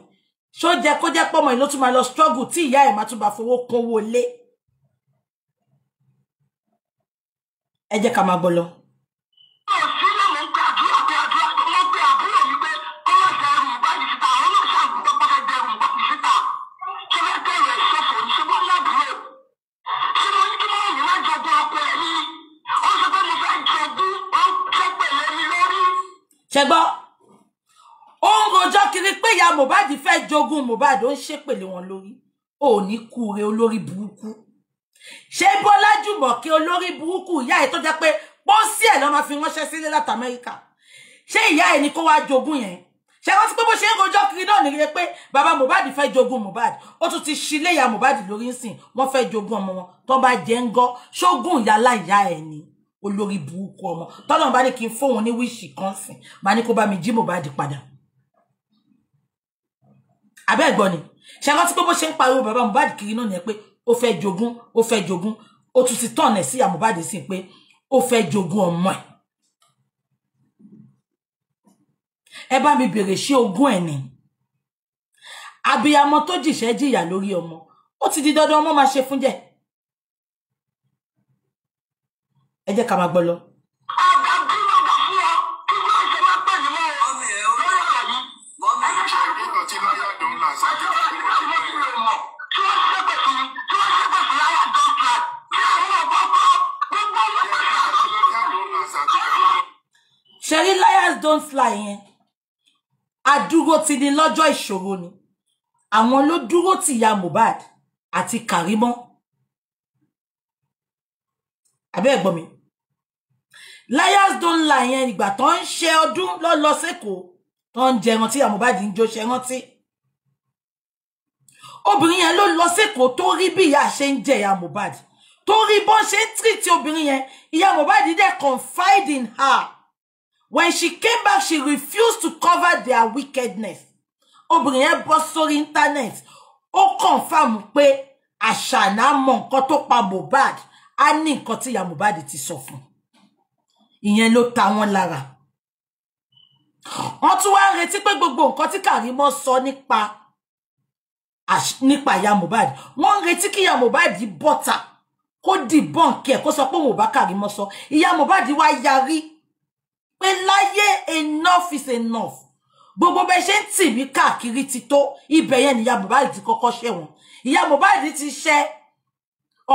ṣó jẹ́ kó jẹ́ pọ́mọ yìí tún máa lọ struggle tí ìyá ẹ̀ máa tún bá fowó kówó lé ẹ jẹ́ ká máa gbọ́ lọ. Mohbad fẹ́ jogún Mohbad ó ń ṣépèlé wọn lórí ò ní kúure olórí burúkú ṣé Bọ́lá Jùmọ̀kẹ́ olórí burúkú ìyá ẹ̀ tó jẹ́ pé pọ́ńsì ẹ̀ ló máa fi ránṣẹ́ sílé láti Amẹ́ríkà ṣé ìyá ẹ̀ ni kó wá jogún yẹn ṣe wọ́n ti pé bó ṣe ń rojọ́ kiri náà nìyẹn pé bàbá Mohbad fẹ́ jogún Mohbad ó tún ti ṣílé ìyá Mohbad lórí ńsìn wọ́n fẹ́ jogún ọmọ wọn tó bá jẹ́ ń gọ́ ṣógùn ìyá láìyá ẹ̀ ni olórí burúkú ọmọ tọ́lọ́run ní kí n fóun ní wíṣì kan sìn máa ní kó bá mi jí Mohbad padà àbẹ́ ẹ̀gbọ́n ni ṣe rántí pé bó ṣe ń pariwo bàbá Mohbad kiri náà nìyẹn pé ó fẹ́ jogún ó fẹ́ jogún ó tún ti tọ̀nà sí ìyá Mohbad sí pé ó fẹ́ jogún ọmọ ẹ̀ ẹ bá mi bèrè ṣé ogún ẹ̀ ni abiyamọ tó jìṣẹ́ jìyà lórí ọmọ ó ti di dandan ọmọ máa ṣe fúnjẹ ẹ jẹ́ ká máa gbọ́ lọ. fly yẹn adúró ti ní lọ́jọ́ ìṣòro ni àwọn ló dúró ti ya Mohbad àti Karimo abẹ́ ẹ̀gbọ́n mi liars don lie yẹn ìgbà tó ń ṣe ọdún lọ́lọ́ sẹ́kọ̀ọ́ tó ń jẹran tí ya Mohbad ń jó ṣe rántí obìnrin yẹn ló lọ sẹ́kọ̀ọ́ tó rí bí ìyá ṣe ń jẹ ìyá Mohbad tó rí bọ́n ṣe ń tìrìtì obìnrin yẹn ìyá Mohbad dẹ̀ confide in her When she came back, she refused to cover their wickedness. Obrien yẹn bọ́ internet. Ó confirm pé Àṣànà mọ nǹkan tó pa Mohbad. A ní nǹkan tí ìyá Mohbad ti sọ fún. Ìyẹn ló ta wọ́n lára. Wọ́n tún wá retí pé gbogbo nǹkan tí Kàrímọ́ sọ nípa nípa ìyá Mohbad. Wọ́n ń retí kí ìyá Mohbad bọ́ta kó dìbọn kí ẹ̀ kó sọ pé òun ò bá Kàrímọ́ sọ. Ìyá Mohbad wá yarí pé láyé enough is enough gbogbo bẹ ṣe ń tì mí káàkiri ti tó ibẹ̀ yẹn níyà Mohbad ti kọ́kọ́ ṣẹ̀wọ̀n ìyá Mohbad ti ṣe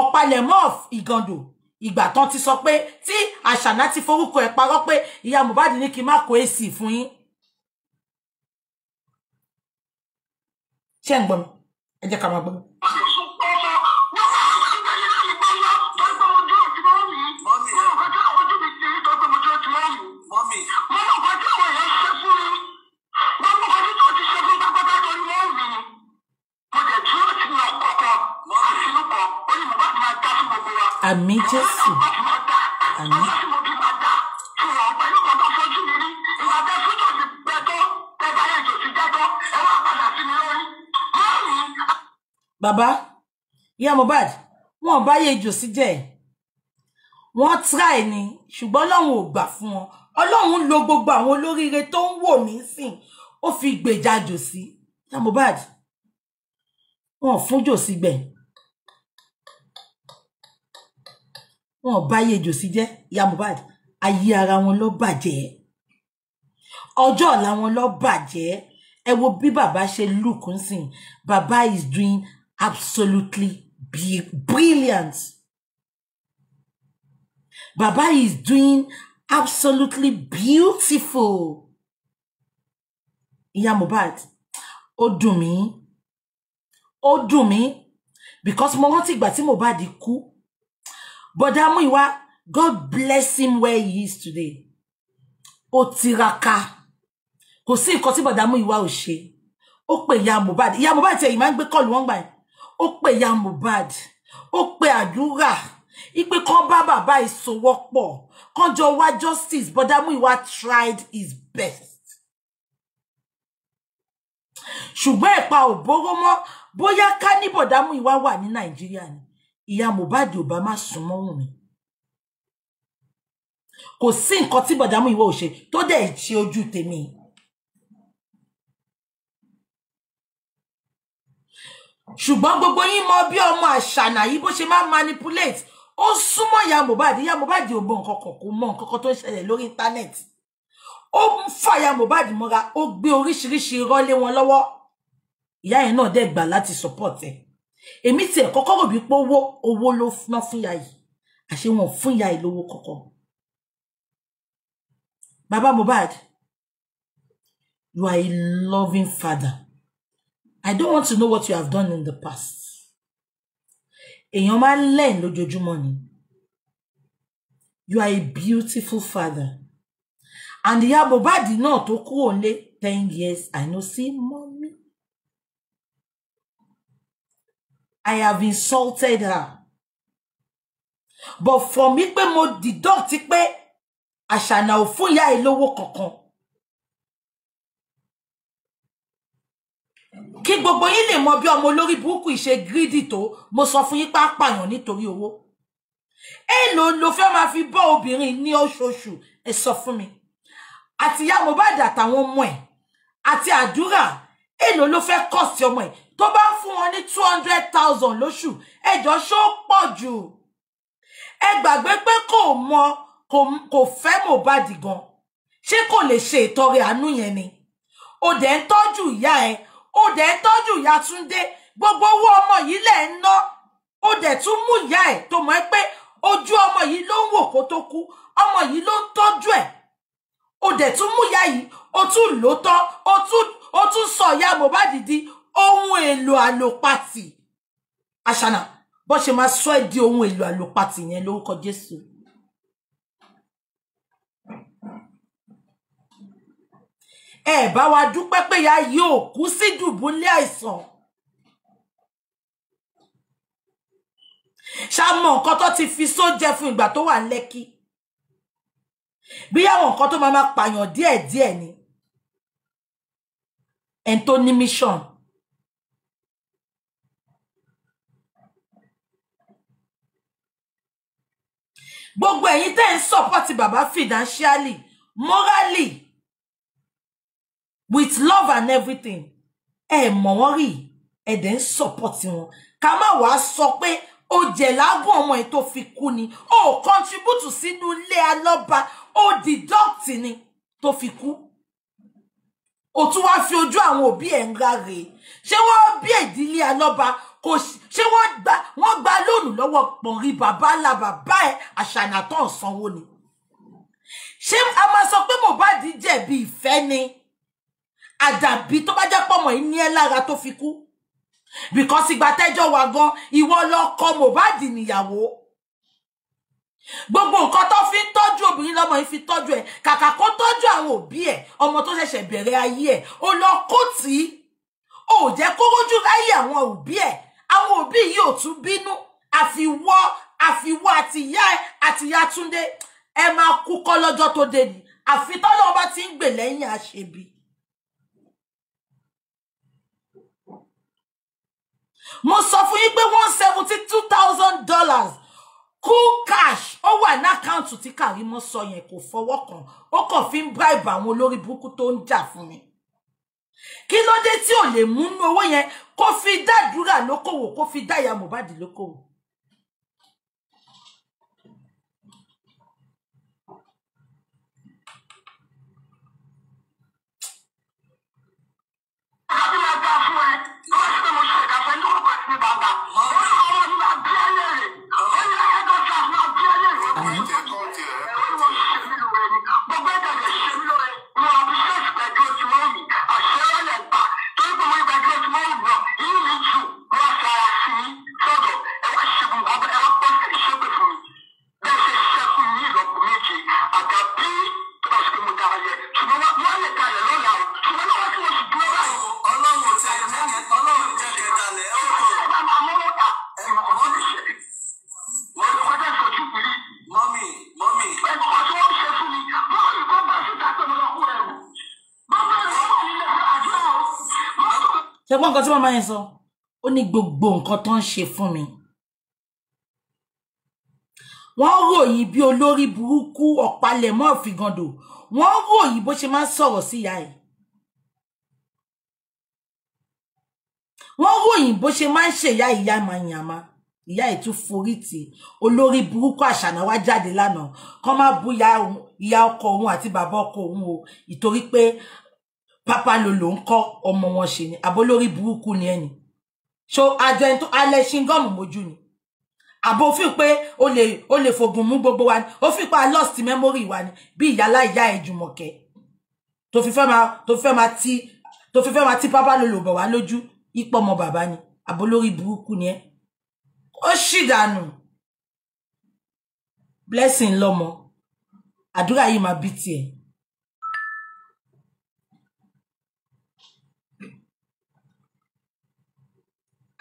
ọ̀pálẹ̀mọ́ ìgàndò ìgbà tán ti sọ pé tí àṣànà ti forúkọ ẹ̀ parọ́ pé ìyá Mohbad ní kí n má kó èsì fún yín ṣé ń gbọ́ mi ẹ jẹ́ ká máa gbọ́ àmì jésù àmì. bàbá ìyá Mohbad wọn bá yẹ jòsí jẹ wọn try ni ṣùgbọ́n Ọlọ́run ò gbà fún wọn Ọlọ́run lo gbogbo àwọn olóríire tó ń wò mí sìn ó fi gbèjà jòsí ìyá Mohbad wọn fún jòsí gbẹ. wọn ò báyé jòsí jẹ́ ìyá Mohbad ayé ara wọn ló bàjẹ́ ọjọ́ ọ̀la wọn ló bàjẹ́ ẹ wo bí bàbá ṣe look nsìn bàbá is doing absolutely brilliant bàbá is doing absolutely beautiful ìyá Mohbad ó dùn mí ó dùn mí because mo rántí ìgbà tí Mohbad kú bọ̀dá Múyìwá God bless him where he is today Otiraka, tiraka kò sí nǹkan tí bọ̀dá Múyìwá ò ṣe ó pè ya Mohbad ya Mohbad tiẹ̀ yìí máa ń gbé kọ́ọ̀lù wọ́n gbà yẹn ó pè ya Mohbad ó pè àdúrà ipe kan bá bàbá ìsowọ́pọ̀ kan jọ wá justice bọ̀dá Múyìwá tried his best ṣùgbọ́n ẹ̀pa ò bóró Boya bóyá ká ní bọ̀dá Múyìwá wà ní ni ìyá Mohbad ò bá má sún mọ́ Wùnmí kò sí nǹkan tí bọ̀dámù ìwọ ò ṣe tó dẹ̀ ṣe ojú tèmi ṣùgbọ́n gbogbo yín mọ bí ọmọ àṣànà yìí bó ṣe máa manipulate ó súnmọ́ ìyá Mohbad ìyá Mohbad ò mọ nǹkan kan kò mọ nǹkan kan tó ń ṣẹlẹ̀ lórí íńtánẹ́ẹ̀tì ó ń fa ìyá Mohbad mọ́ra ó gbé oríṣiríṣi irọ́ wọn lọ́wọ́ ìyá yẹn náà dẹ̀ gbà láti support ẹ̀. Eh èmi tiẹ̀ kọ́kọ́ rò wípé owó owó ló ná fún ìyá yìí àṣé wọn fún ìyá yìí lówó kọ́kọ́ baba Mohbad you are a loving father I don't want to know what you have done in the past èèyàn máa ń learn lójoojúmọ́ ni you are a beautiful father and ìyá Mohbad náà tó kúrò lé ten years I know see mọ́ I have insulted her. But for mi pé mo deduct pé àṣànà ò fún ìyá ẹ lówó kankan. Kí gbogbo yín lè mọ bí ọmọ olórí buku ìṣe greedy to mo sọ fún yín pa pààyàn nítorí owó. Èló ló fẹ́ máa fi bọ́ obìnrin ni oṣooṣù ẹ sọ fún mi. Àti ìyá Mohbad àtàwọn ọmọ ẹ̀ àti àdúrà èló lo fẹ́ cost ọmọ ẹ̀ tó bá fún wọn ní two hundred thousand lóṣù ẹjọ́ ṣó pọ̀ jù ẹ gbàgbé pé kò mọ kò fẹ́ Mohbad gan ṣé kò lè ṣe ìtọrẹ àánú yẹn ni ó dẹ̀ ń tọ́jú ìyá ẹ ó dẹ̀ ń tọ́jú ìyá Túndé gbogbo owó ọmọ yìí lẹ̀ ń ná ó dẹ̀ tún mú ìyá ẹ̀ tó mọ̀ pé ojú ọmọ yìí ló ń wò kó tó kú ọmọ yìí ló ń tọ́jú ẹ̀ ó dẹ̀ tún mú ìyá yìí ó tún lò tán ó tún sọ ìyá Mohbad di ohun èlò àlòpàtì àṣànà bó ṣe máa sọ ẹ́ di ohun èlò àlòpàtì yẹn lórúkọ Jésù. ẹ bá wa dúpẹ́ pé ya yóò kú sí dùbúlẹ̀ àìsàn. ṣàmọ nǹkan tó ti fi sóúnjẹ fún ìgbà tó wà lẹ́kì bí àwọn nǹkan tó máa máa pààyàn díẹ̀díẹ̀ ni ẹni tó ní mission gbogbo ẹ̀yin tẹ́ ń sọ́pọ́tì bàbá financially morally with love and everything ẹ mọ̀ wọ́n rí ẹ dẹ̀ ń sọ́pọ́tì wọn ká má wàá sọ pé ó jẹ̀ lágùn ọmọ ẹ̀ tó fi kú ni ó contribute sínú ilé alọ́ba ó deduct ni tó fi kú ó tún wá fi ojú àwọn òbí ẹ̀ ń ra ṣé wọ́n bí ìdílé alọ́ba kò ṣé wọ́n gba wọ́n gba lóònù lọ́wọ́ pọ̀nrí bàbá ńlá bàbá ẹ̀ àṣànà tó ń sanwó ni ṣé a máa sọ pé Mohbad jẹ̀bi ìfẹ́ ni àdàbí tó bá jẹ́ pọ̀mọ̀ yìí ní ẹ́ lára tó fi kú because ìgbà tẹ́jọ́ wà gan ìwọ lọ́kọ Mohbad níyàwó gbogbo nǹkan tó fi ń tọ́jú obìnrin lọ́mọ yìí fi tọ́jú ẹ̀ kàkà kó tọ́jú àwọn òbí ẹ̀ ọmọ tó ṣẹ̀ṣẹ̀ bẹ̀rẹ̀ ayé ẹ̀ ó lọ kó tì í ó jẹ́ kó rójú láyé àwọn òbí ẹ̀ àwọn òbí yìí ò tún bínú àfiwọ́ àfiwọ́ àti ìyá ẹ àti ìyá Túndé ẹ máa kú kọ́ lọ́jọ́ tó dé ni àfi tọ́lọ́ ọba ti ń gbè lẹ́yìn àṣebí. mo sọ fún yín pé one seventy two thousand dollars cool cash ó wà ní àkáǹtì tí Karimo sọ yẹn kò fọwọ́ kàn ó kàn fi ń bribe àwọn olórí burúkú tó ń jà fún mi kí ló dé tí ò lè mú nínú owó yẹn kó fi dádúrà lókòwò kó fi dáyà Mohbad lókòwò. Bàbá fún nǹkan tí màmá yẹn sọ ó ní gbogbo nǹkan tó ń ṣe fún mi wọ́n ròyìn bí olórí burúkú ọ̀pálẹ̀mọ́ ọ̀fìgàndò wọ́n ròyìn bó ṣe máa ń sọ̀rọ̀ sí ìyá ẹ̀ wọ́n ròyìn bó ṣe máa ń ṣèyá ìyá màyàmá ìyá ẹ̀ tún forí tì olórí burúkú àṣànà jáde lánàá kọ́ máa bú ìyá ọkọ òun àti bàbá ọkọ òun o ìtorí pé Papa Lolo, ń kọ́ ọmọ wọn ṣe ni àbólórí burúkú ni ẹni so àjọ ẹni tó alẹ́ ṣingọ́ọ̀mù mójú ni àbò fi pé o lè o lè fògùn mú gbogbo wa ni ó fi pa lost memory wa ni bí ìyálà ìyá ẹ̀ tó fi fẹ́ máa tó fi fẹ́ máa ti tó fi fẹ́ máa ti pápá Lolo bọ̀ wá lójú ipò ọmọ bàbá ni àbólórí burúkú ni ẹ ó ṣì dànù blessing lọmọ àdúrà yìí máa bí tiẹ̀.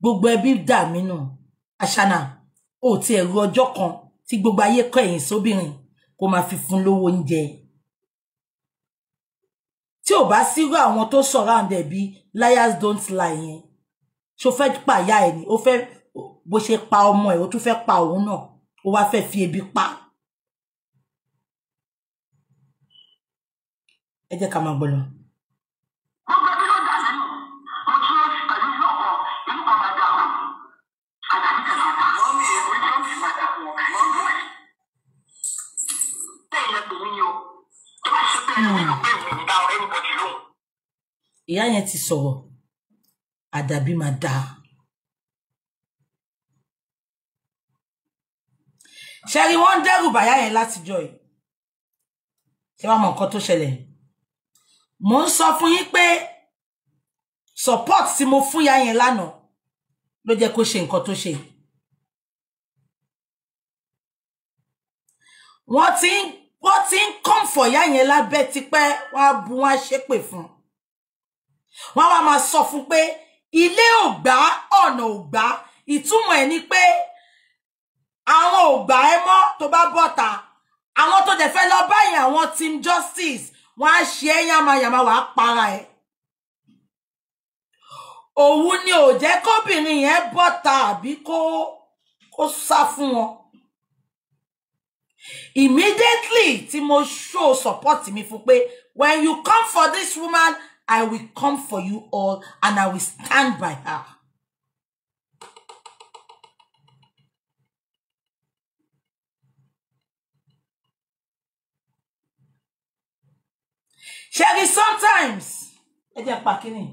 gbogbo ẹbí dà mí nù àṣànà ò ti ẹ̀rù ọjọ́ kan tí gbogbo ayé kọ ẹ̀yìn sóbìnrin kó máa fi fún lówó oúnjẹ tí ò bá sírú àwọn tó surround ẹbí liars don't lie yẹn ṣó fẹ́ pàyà ẹ̀ ni ó fẹ́ bó ṣe pa ọmọ ẹ̀ ó tún fẹ́ pa òun náà ó wá fẹ́ fi ebi pa. ẹ jẹ́ ká máa gbọ́ lọ. ìyá yẹn ti sọ̀rọ̀ àdàbí máa dáa. ṣẹ́rí wọ́n ń dẹ́rù bàyá yẹn látijọ́ yìí ṣé wàá mọ nǹkan tó ṣẹlẹ̀ mò ń sọ fún yín pé support tí mo fún ìyá yẹn lánàá ló jẹ́ kó ṣe nǹkan tó ṣe wọ́n ti ń wọ́n ti ń kọ́ǹfọ̀ ìyá yẹn lábẹ́ tipẹ́ wọ́n á bu wọn ṣépè fún wọ́n wá máa sọ fún pé ilé ò gbà ọ̀nà ò gbà ìtumọ̀ ẹ̀ ni pé àwọn ò gbà ẹ mọ́ tó bá bọ̀ta àwọn tó dẹ̀ fẹ́ lọ báyìí àwọn team justice wọ́n á ṣe é yàmàyàmà wàá para ẹ̀ òun ni ò jẹ́ kóbìnrin yẹn bọ̀ta àbí kó kó sá fún wọn immediately tí mo show support mi fún pé when you come for this woman I will come for you all and I will stand by her. Sherry, sometimes, ẹ jẹ́ pa kínní,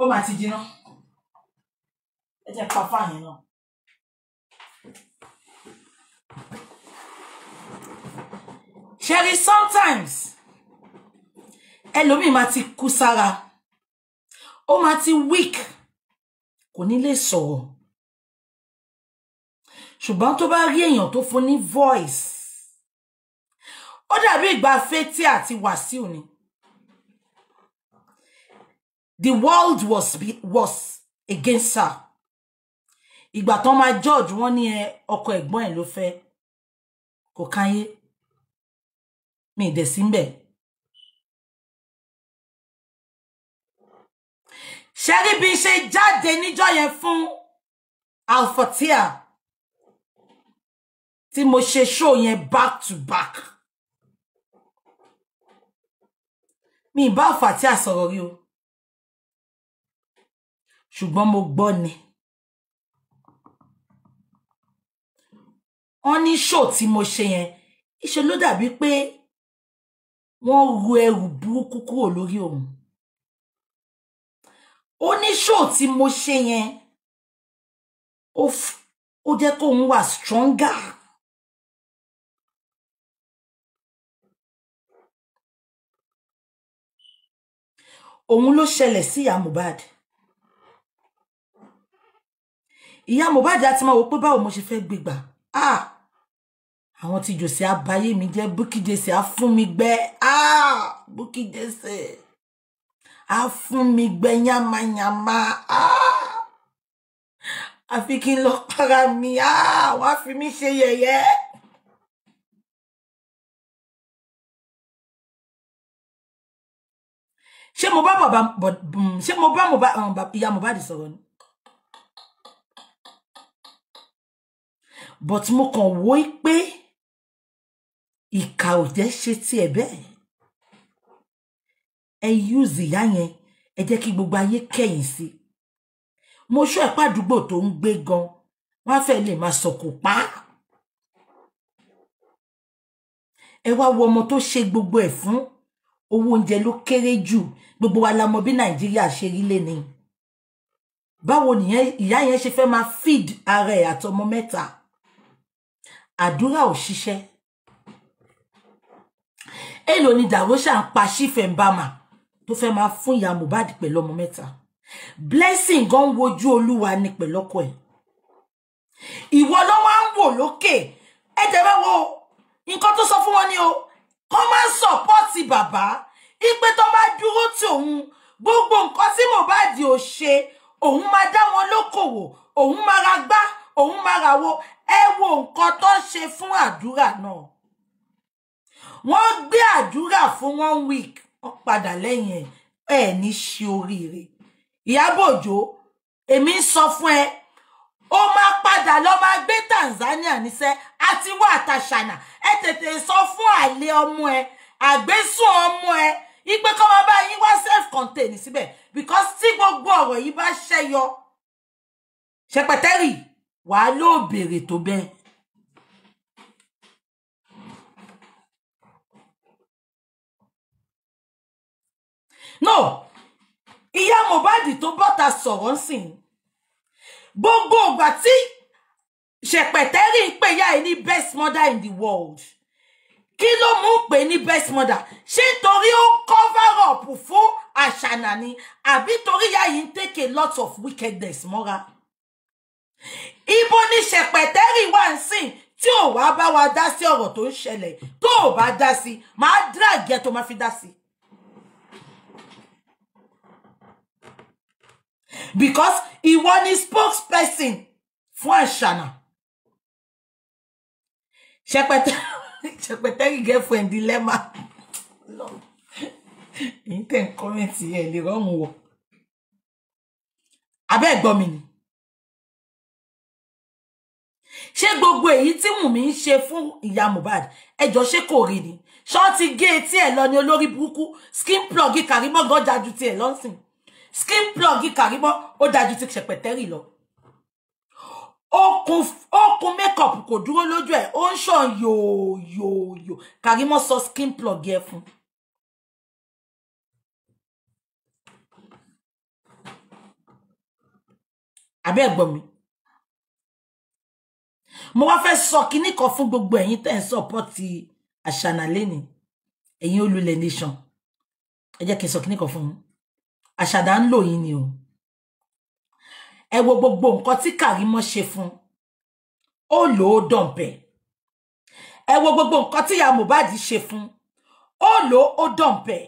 ó máa ti jiná, ẹ jẹ́ pa fáàyàn náà ṣẹ́rí sometimes ẹlòmíì máa ti kú sára ó máa ti weak kò ní lè sọ̀rọ̀ ṣùgbọ́n tó bá rí èèyàn tó fún ní voice ó dàbí ìgbà fétí àti wàsíù the world was, be was against her ìgbà tán máa George wọ́n ní ẹ ọkọ ẹ̀gbọ́n ẹ̀ ló fẹ́ kò káyé mi ì dẹ̀ sí mbẹ̀. ṣẹ́rí bí ṣe jáde níjọ́ yẹn fún alfatia tí mo ṣe show yẹn back to back mi ì bá alfatia sọ̀rọ̀ rí o ṣùgbọ́n mo gbọ́ ni. wọ́n ní show tí mo ṣe yẹn ìṣe ló dàbí pé wọ́n ru ẹrù burúkú kúrò lórí òun ó ní show tí mo ṣe yẹn ó jẹ́ kóun wà stronger. òun ló ṣẹlẹ̀ sí ìyá Mohbad ìyá Mohbad àti máa wò pé báwo mo ṣe fẹ́ gbégbà ah àwọn tí jòsè àbáyé mi jẹ́ Bukky Jesse á fún mi gbẹ ah Bukky Jesse á fún mi gbẹ yamayama ah àfi kí n lọ para mi ah wọ́n á fi mí ṣe yẹ̀yẹ́. ṣé mo bá bàbá mm, ṣé mo bá bàbá um, ìyá Mohbad sọ̀rọ̀ ni. but mo kàn wò ó pé ìkà ò jẹ́ ṣe tiẹ̀ bẹ́ẹ̀ ẹ yúùsì ìyá yẹn ẹ jẹ́ kí gbogbo ayé kẹ̀yìn sí mo ṣọ ẹ̀pá àdúgbò tó ń gbé gan wọ́n á lè máa sọ̀kò pa ẹ wá wo ọmọ tó ṣe gbogbo ẹ̀ fún owó oúnjẹ ló kéré jù gbogbo wa la mọ̀ bí nàìjíríà ṣe rí lé ni báwo nìyẹn ìyá yẹn ṣe fẹ́ máa feed ara ẹ̀ àtọmọ mẹ́ta àdúrà ò ṣiṣẹ́ èlò ni dàróṣà ń pa sífẹ̀ǹbàmà tó fẹ́ máa fún ìyá Mohbad pẹ̀lú ọmọ mẹ́ta blessing gan wojú olúwa ni pẹ̀lú ọkọ ẹ̀ ìwọ ló wá ń wò lókè ẹ tẹ wo nǹkan tó sọ fún wọn ni o kọ́ máa ń sọ̀pọ́ọ̀tì bàbá ipe tó bá dúró tí òun gbogbo nǹkan tí Mohbad ò ṣe òun máa dá wọn lókòwò òun máa ra gbá òun máa ra wo ẹ wo nǹkan tó ń ṣe fún àdúrà náà wọ́n gbé àdúrà fún one week wọ́n padà lẹ́yìn ẹ̀ ẹ̀ ní ṣe oríire Ìyábọ̀ Òjó èmi ń sọ fún ẹ ó máa padà lọ máa gbé Tanzania níṣẹ́ àti wà àtàṣànà ẹ tètè sọ fún àlè ọmọ ẹ àgbésùn ọmọ ẹ ipe kọ́ máa bá yín wá self contained síbẹ̀ because tí gbogbo ọ̀rọ̀ yìí bá ṣẹ́yọ ṣẹpẹtẹ́rì wàá lóò béèrè tó bẹ́ẹ̀. no ìyá Mohbad tó bọ́ta sọ̀rọ̀ ń sìn gbogbo ìgbà tí ṣèpẹ̀tẹ́rì ń pè ya ẹ̀ ní best mother in the world kí ló mú pè ní best mother ṣé nítorí ó cover up fún àṣànà ni àbí torí ya yìí ń take a lot of wickedness mọ́ra ibo ni ṣèpẹ̀tẹ́rì wà ń sìn tí ò wá bá wa dá sí ọ̀rọ̀ tó ń ṣẹlẹ̀ tó ò bá dá sí máa drag ẹ tó máa fi dá sí i. because he ìwọ his spokesperson fún àṣànà ṣẹpẹtẹ for a dilemma èyí tẹ̀ ń kọ́mẹ̀ntì ẹ̀ lè rọrùn wọ̀ abẹ́ ẹ̀gbọ́n mi ni ṣé gbogbo èyí tí Wùnmí ń ṣe fún ìyá Mohbad ẹjọ́ ṣé kò rí ni ṣọ́ọ̀tì gé etí ẹ̀ lọ ni olórí burúkú skin plug kàrímọ́gàn jájú tiẹ̀ lọ́sìn skin plug Karimo o dájú ti ṣẹpẹtẹrì lọ okun okun makeup kò dúró lójú ẹ̀ ó ń ṣàn yo Karimo sọ skin plug ẹ fún abi àbẹ́ ẹ̀gbọ́n mi mo wá fẹ́ sọ kinní kan fún gbogbo ẹ̀yin tẹ́ ń sọ́pọ́tì àṣànà lẹ́ni ẹ̀yin nation ẹ jẹ́ kí n kan fún yín àṣàdá ń lò yín ni o ẹ wo gbogbo nǹkan tí Kàrímọ́ ṣe fún ó lò ó dọ̀m̀bẹ̀ ẹ wo gbogbo nǹkan tí ìyá Mohbad ṣe fún ó lò ó dọ̀m̀bẹ̀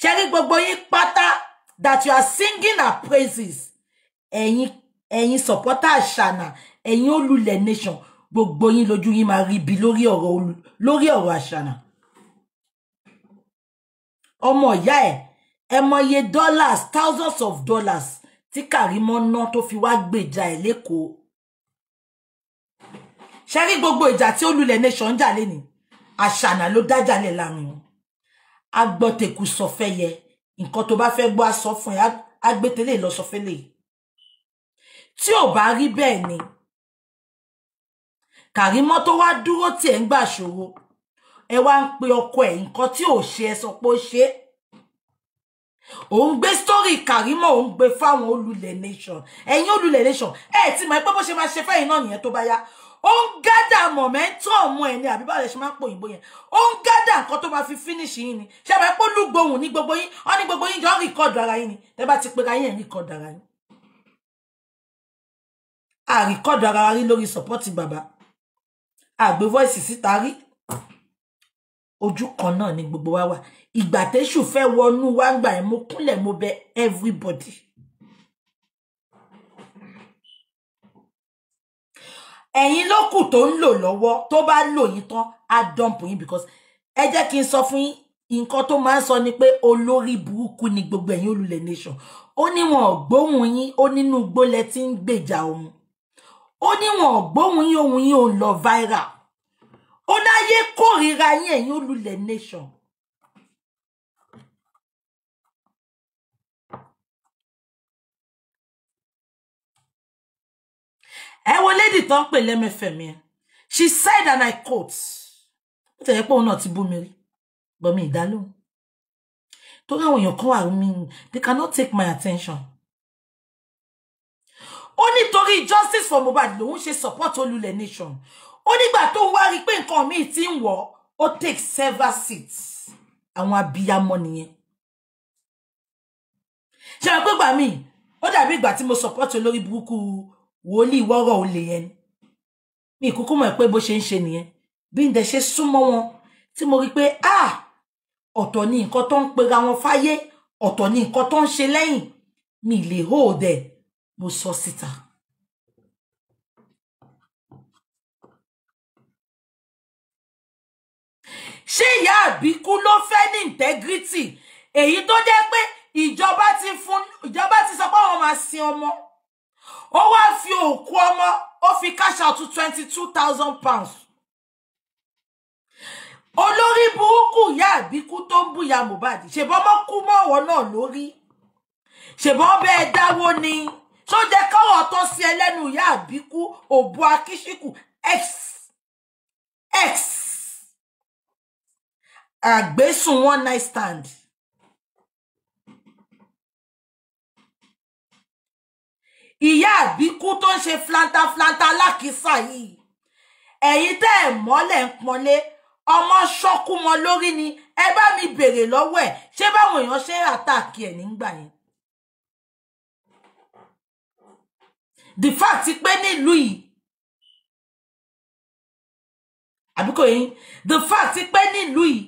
ṣe rí gbogbo yín pátá that you are singing her praises ẹ̀yin ẹ̀yin supporter àṣànà ẹ̀yin olùlẹ̀ nation gbogbo yín lójú yín máa rí ibi lórí ọ̀rọ̀ lórí ọ̀rọ̀ àṣànà ọmọ ìyá ẹ̀ ẹ mọye dollars thousands of dollars tí Karimo ná tó fi wá gbèjà ẹ̀ lẹ́kọ̀ọ́ ṣe rí gbogbo ìjà tí olùlẹ̀ nation ń jà lẹ́ni àṣànà ló dájàlẹ̀ láàrin wọn agbọ́tẹ̀kù sọfẹ́yẹ nǹkan tó bá fẹ́ gbọ́ aṣọ fún ẹ agbẹ́tẹ̀lẹ̀ lọ sọfẹ́lẹ̀ tí ò bá rí bẹ́ẹ̀ ni Karimo tó wá dúró tí ẹ̀ ń gbà ṣòro ẹ wá ń pe ọkọ ẹ̀ nǹkan tí ò ṣe ẹ sọ pé ó ṣe é òun gbé story Karimo òun gbé fáwọn olùlẹ̀ nation ẹ̀yin olùlẹ̀ nation ẹ̀ ti mọ̀ pé bó ṣe máa ṣe fẹ́yìn náà nìyẹn tó bá yá ó ń gádà mọ̀mẹ́ntọ̀mù ẹ̀ ní àbí báwo lè ṣe máa ń pò òyìnbó yẹn ó ń gádà nǹkan tó máa fi finish yín ni ṣe máa pọ́ lúgbòhùn ní gbogbo yín ọ́ ní gbogbo yín jọ ń rìkọ́dù ara yín ni tẹ́ bá ti pera yín ẹ̀ rìkọ́dù ara yín àrìkọ́dù ara rí lórí support bàbá àgbé voice síta rí ojú kan náà ni gbogbo wa wà ìgbà tẹ́ṣù fẹ́ wọnú wa ń gbà yẹn mo kúnlẹ̀ mo bẹ̀ everybody. ẹ̀yin ló kù tó ń lò lọ́wọ́ tó bá lò yín tán á dump yín because ẹ jẹ́ kí n sọ fún yín nǹkan tó máa ń sọ ni pé olórí burúkú ni gbogbo ẹ̀yin olùlẹ̀ nation ó ní wọn gbóhùn yín ó nínú gbólẹ̀ tí ń gbèjà òun ó ní gbóhùn yín òun yín ò lọ viral ó láyé kórìíra yín ẹ̀yin olùlẹ̀ nation. ẹ wo lady tó ń pè lẹ́mẹ̀fẹ̀mí she said and I quote ó tẹ̀yẹ pé òun náà ti bú mi rí bọ́mi ìdálóhùn torí àwọn èèyàn kan wà mí they cannot take my attention ó nítorí justice for Mohbad lòun ṣe support olùlẹ̀ nation ó nígbà tó wá rí pé nǹkan míì ti ń wọ̀ ó take several seats àwọn abiyamọ nìyẹn ṣe àwọn pẹ́gbà míì ó dàbí ìgbà tí mo support olórí burúkú wòlíì wọ́rọ̀ olè yẹn mi ìkúkú mọ̀ pé bó ṣe ń ṣe nìyẹn bí n dẹ̀ ṣe súnmọ́ wọn tí mo rí pé ah ọ̀tọ̀ ni nǹkan tó ń pera wọn fáyé ọ̀tọ̀ ni nǹkan tó ń ṣe lẹ́yìn mi lè hold ẹ̀ mo sọ síta. So ṣé ìyá àbíkú ló fẹ́ ní integrity èyí tó jẹ́ pé ìjọba ti fún ìjọba ti sọ pé àwọn máa sin ọmọ ó wá fi òkú ọmọ ó fi cash out to twenty two thousand pounds olórí burúkú ìyá àbíkú tó ń bùyà Mohbad ṣèbọn ọmọ kú mọ́ ọ̀wọ́ náà lórí ṣèbọn bẹ́ẹ̀ dáwó ni tó jẹ́ káwọ̀ tó sí ẹlẹ́nu ìyá àbíkú òbu akíṣíkù x x àgbésùn one night stand. ìyá àbíkú tó ń ṣe flantaflanta lákìsà yìí ẹ̀yin tẹ́ ẹ̀ mọ́lẹ̀ ń pọnlé ọmọ ṣọ́kú mọ́ lórí ni ẹ bá mi béèrè lọ́wọ́ ẹ̀ ṣé báwọn èèyàn ṣe àtàkì ẹ̀ nígbà yẹn. the fact pé nílùú yìí àbíkò yín the fact pé nílùú yìí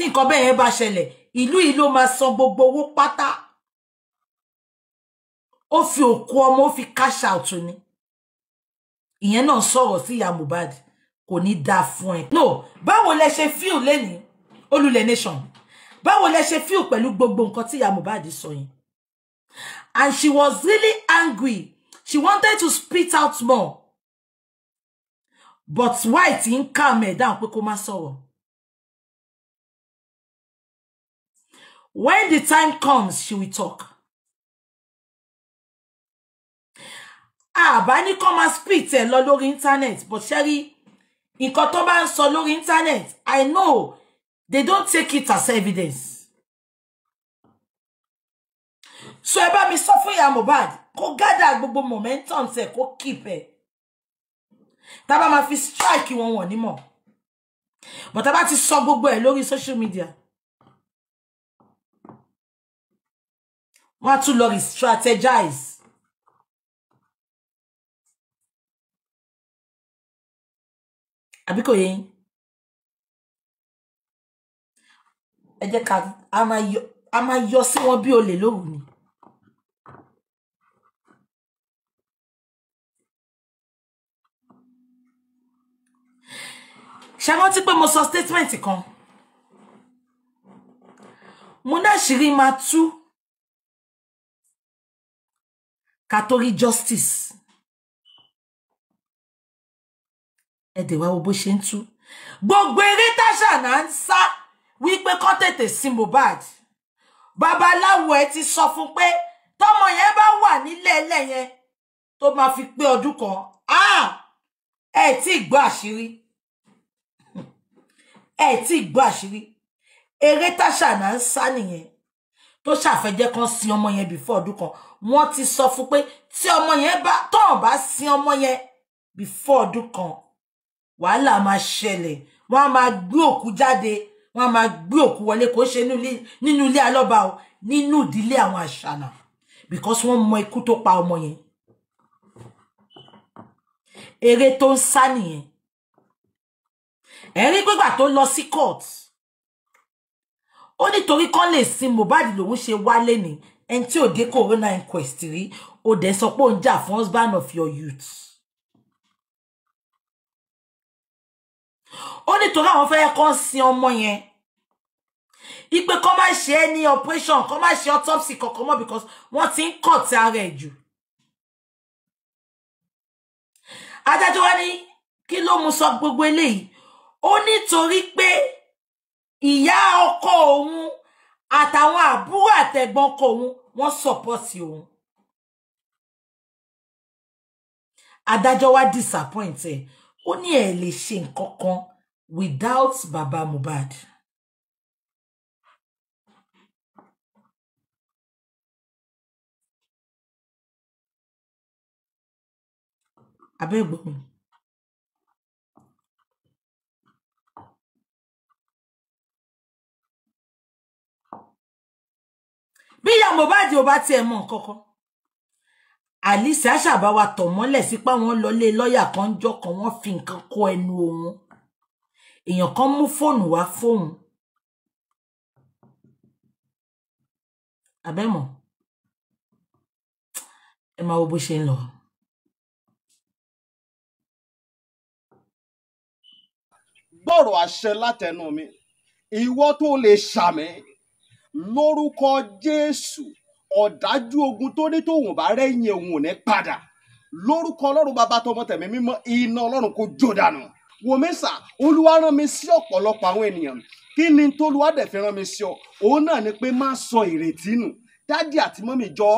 tí nǹkan bẹ́ẹ̀ yẹn bá ṣẹlẹ̀ ìlú yìí ló máa san gbogbo owó pátá ó fi òkú ọmọ ó fi cash out ni ìyẹn náà sọ̀rọ̀ sí ìyá Mohbad kò ní dáa fún ẹ. no báwo lẹ ṣe fíù lẹ́nìí olùlẹ̀ nation báwo lẹ ṣe fíù pẹ̀lú gbogbo nǹkan tí ìyá Mohbad sọ yẹn and she was really angry she wanted to spit out more but white ń calm ẹ̀ down pé kó má sọ̀rọ̀. When the time comes, she will talk. Ah, ní kọ́ máa speak ẹ̀ lọ lórí internet but ṣẹ́rí in tó bá ń sọ internet I know they don't take it as evidence. So ẹ bá mi sọ fún ìyá Mohbad kó gádà gbogbo momentum tẹ̀ kó keep it. Tá bá máa fi strike wọn wọ̀n nímọ̀. But tá bá ti sọ gbogbo ẹ̀ lórí social media. wọ́n á tún lọ re-strategize. àbí kò yé yín ẹ jẹ́ ká a máa yọ sí wọn bí olè lóru ni. ṣe rántí pé mo sọ statement kan mo náà ṣì rí máa tú ká tó rí justice ẹ̀dẹ̀ wá wo bó ṣe ń tú gbogbo eré táṣà náà ń sá wípé kán tètè sin Mohbad babaláwo ẹ ti sọ fún pé tọmọ yẹn bá wà nílé ẹlẹ́yẹn tó máa fi pé ọdún kan ah! ẹ tí ì àṣírí ẹ tí ì àṣírí eré táṣà náà ń sá nìyẹn tó ṣàfẹ́jẹ́ kan sin ọmọ yẹn before ọdún kan wọ́n ti sọ fún pé tí ọmọ yẹn bá tọ́n bá sin ọmọ yẹn before ọdún kan wàhálà ma ṣẹlẹ̀ wọ́n ma máa gbé òkú jáde wọ́n á máa gbé òkú wọlé kó ṣe nínú ilé alọ́ba o nínú ìdílé àwọn àṣànà because wọ́n mọ ikú tó pa ọmọ yẹn eré tó ń sá nìyẹn ẹ̀rí pé gbà tó lọ court ó nítorí kán lè sin Mohbad lòun ṣe wálé ni ẹni tí ò dé corona inquest rí ó dẹ̀ sọ pé ó ń jà fún husband of your youth. ó nítorí àwọn fẹ́ kán sin ọmọ yẹn ipe kán má ṣe é ní operation kán má ṣe autopsy kankan mọ́ because wọ́n ti ń kọ̀ tí ara ẹ̀ jù. adájọ́ wa ní kí ló mú sọ gbogbo eléyìí ó nítorí pé ìyá ọkọ òun àtàwọn àbúrò àtẹ̀gbọ́n ọkọ òun wọ́n sọ̀pọ̀tì òun. adájọ́ wá disappoint ẹ̀ ó ní ẹ̀ lè ṣe nǹkan kan without baba Mohbad. abẹ́gbọ́n mi. bí ìyá Mohbad ò bá tiẹ̀ mọ̀ kankan Alice aṣàbáwa tọ̀ mọ́lẹ̀ sí pé wọ́n lọlé lọ́ọ̀yà kan ń jọ kan wọ́n fi nǹkan kọ ẹnu òun èèyàn kan mú fóònù wá fóun abẹ́mọ̀ ẹ máa wo bó ṣe ń lọ. gbọ́rọ̀ àṣẹ látẹnu mi ìwọ tó lè ṣàmì lórúkọ jésù ọ̀dájú ogun tó ní tòun bá rẹ́yìn òun ò ní padà lórúkọ ọlọ́run bàbá tọmọ tẹ̀mí mímọ́ iná ọlọ́run kò jó dànù wòmísà olúwa rán mi sí ọ̀pọ̀lọpọ̀ àwọn ènìyàn kí ni tolúwa dẹ̀ fi rán mi sí ọ òun náà ni pé má sọ ìrètí nù dádì àti mọ́mì jọ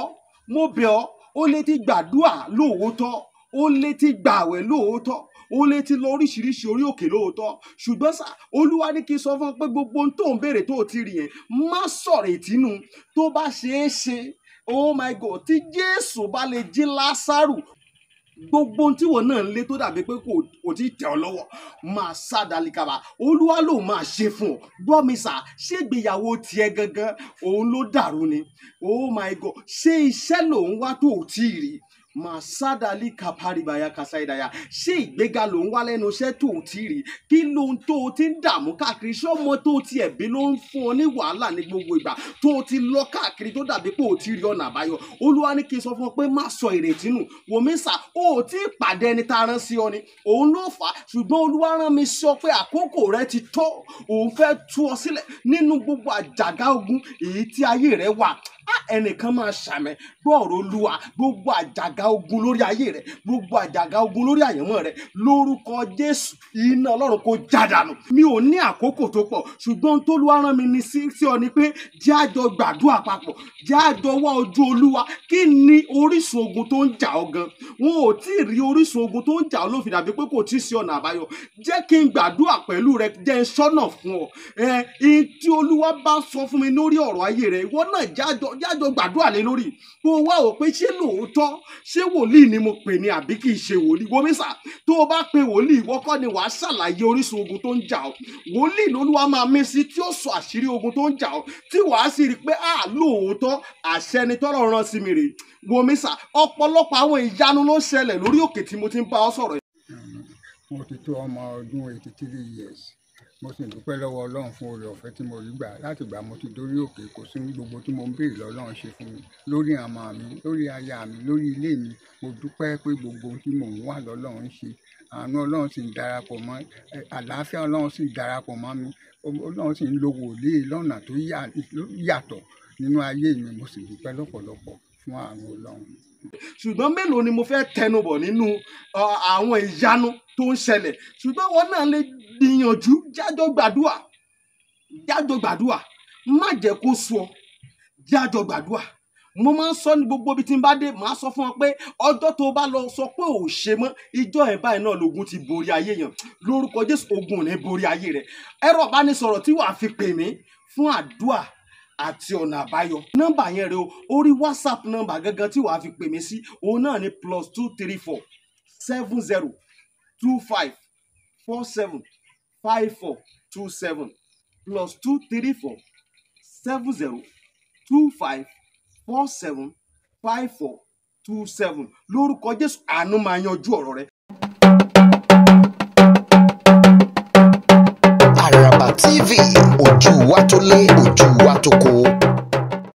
mo bẹ̀ ọ́ ó lè ti gbàdúà lóòótọ́ ó lè ti gbààwẹ̀ lóòótọ́ o lè ti lọ oríṣiríṣi orí òkè lóòótọ́ ṣùgbọ́n sá olúwa ní kí n sọ fún ọ pé gbogbo ohun tó ń béèrè tó ti rí yẹn má sọ̀rọ̀ ìtínú tó bá ṣeé ṣe oh my god tí jésù bá lè jí lásàrù gbogbo ohun tíwọ náà ń lé tó dàbí pé kò tí ì tẹ̀ ọ́ lọ́wọ́ máa sá dalikaba olúwa ló máa ṣe fún ọ gbọ́ mi sà ṣé ìgbéyàwó tiẹ̀ gangan òun ló dàrú ni oh my god ṣé iṣẹ́ lòun wá tó ò tí ì rí i màsádàlì kàpárìbàyà kàsáìdàyà ṣé ìgbéga ló ń wá lẹ́nu iṣẹ́ tó ò tí rí kí ló ń tó o ti ń dààmú káàkiri ṣé ọmọ tó o ti ẹ̀bí ló ń fún ọ ní wàhálà ní gbogbo ìgbà tó o ti lọ káàkiri tó dàbí pé o ti rí ọ̀nà àbáyọ olúwa ní kí n sọ fún ọ pé má sọ ìrètí nù wòmísà o ò tí ì pàdé ẹni tá a rán sí ọ ni òun ló fà á ṣùgbọ́n olúwa rán mi sọ pé àkókò rẹ ti tó òun fẹ́ tú ọ sílẹ̀ ẹnìkan máa ṣàmì gbọ́ọ̀rọ̀ olúwa gbogbo àjàgà ogun lórí ayé rẹ gbogbo àjàgà ogun lórí àyànmọ́ rẹ lórúkọ jésù iná ọlọ́run kò jádànù mi ò ní àkókò tó pọ̀ ṣùgbọ́n tó lu aràn mi ní sí ọ ni pé jẹ́ àjọ gbàdúrà papọ̀ jẹ́ àjọ wá ojú olúwa kí ni orísun ogun tó ń jà ọ gan wọn ò tí ì rí orísun ogun tó ń jà ọ ló fi dàbí pé kò tí ì sí ọ̀nà àbáyọ jẹ́ kí n gbàdúrà pẹ̀lú rẹ jẹ́ n sọ́nà fún ọ jájọ gbàdúrà lé lórí kó o wá o pé ṣé lóòótọ́ ṣé wòlíì ni mo pè ní àbí kì í ṣe wòlíì gómìnsà tó o bá pe wòlíì ìwọ ni wàá ṣàlàyé orísun ogun tó ń jà ọ́ wòlíì lolúwa máa mí sí tí ó sọ àṣírí ogun tó ń jà ọ́ tí wàá sì rí i pé a lóòótọ́ àṣẹ ni tọ́lọ̀ rán sí mi rè gómìnsà ọ̀pọ̀lọpọ̀ àwọn ìyanu ló ṣẹlẹ̀ lórí òkè tí mo ti ń bá ọ sọ̀rọ̀ mo ti tó ọmọ ọdún eighty three years mo sì dúpẹ́ lọ́wọ́ ọlọ́run fún oore ọ̀fẹ́ tí mo rí gbà láti gbà mo ti dórí òkè kò sí gbogbo tí mo ń béèrè lọ́lọ́run ṣe fún mi lórí àmọ́ mi lórí aya mi lórí ilé mi mo dúpẹ́ pé gbogbo ohun tí mò ń wà lọ́lọ́run ṣe àánú ọlọ́run sì ń darapọ̀ mọ́ àlàáfíà ọlọ́run sì ń darapọ̀ mọ́ mi ọlọ́run sì ń lo wòlíì lọ́nà tó yàtọ̀ nínú ayé mi mo sì dúpẹ́ lọ́pọ̀lọpọ̀ fún àánú ọlọ́run. ṣùgbọ́n mélòó ni mo fẹ́ tẹnubọ̀ nínú àwọn ìyanu tó ń ṣẹlẹ̀ ṣùgbọ́n wọn náà lè gbìyànjú jájọ́ gbàdúà jájọ́ gbàdúà má jẹ́ kó sú ọ jájọ́ gbàdúà mo máa ń sọ ní gbogbo ibi tí n bá dé màá sọ fún ọ pé ọjọ́ tó o bá lọ sọ pé ò ṣe mọ́ ìjọ ẹ̀ báyìí náà lògùn ti borí ayé yẹn lórúkọ jésù ogun ní borí ayé rẹ ẹ̀rọ ìbánisọ̀rọ̀ tí wàá fi pè mí fún àdúà àti ọ̀nà àbáyọ. nọ́mbà yẹn rẹ o orí whatsapp nọ́mbà gangan tí wàá fi pè mí sí òun náà ni plus two three four seven zero two five four seven five four two seven plus two three four seven zero two five four seven five four two seven lórúkọ jésù àánú máa yanjú ọ̀rọ̀ rẹ TV ojú wa tó lé ojú wa tó kó.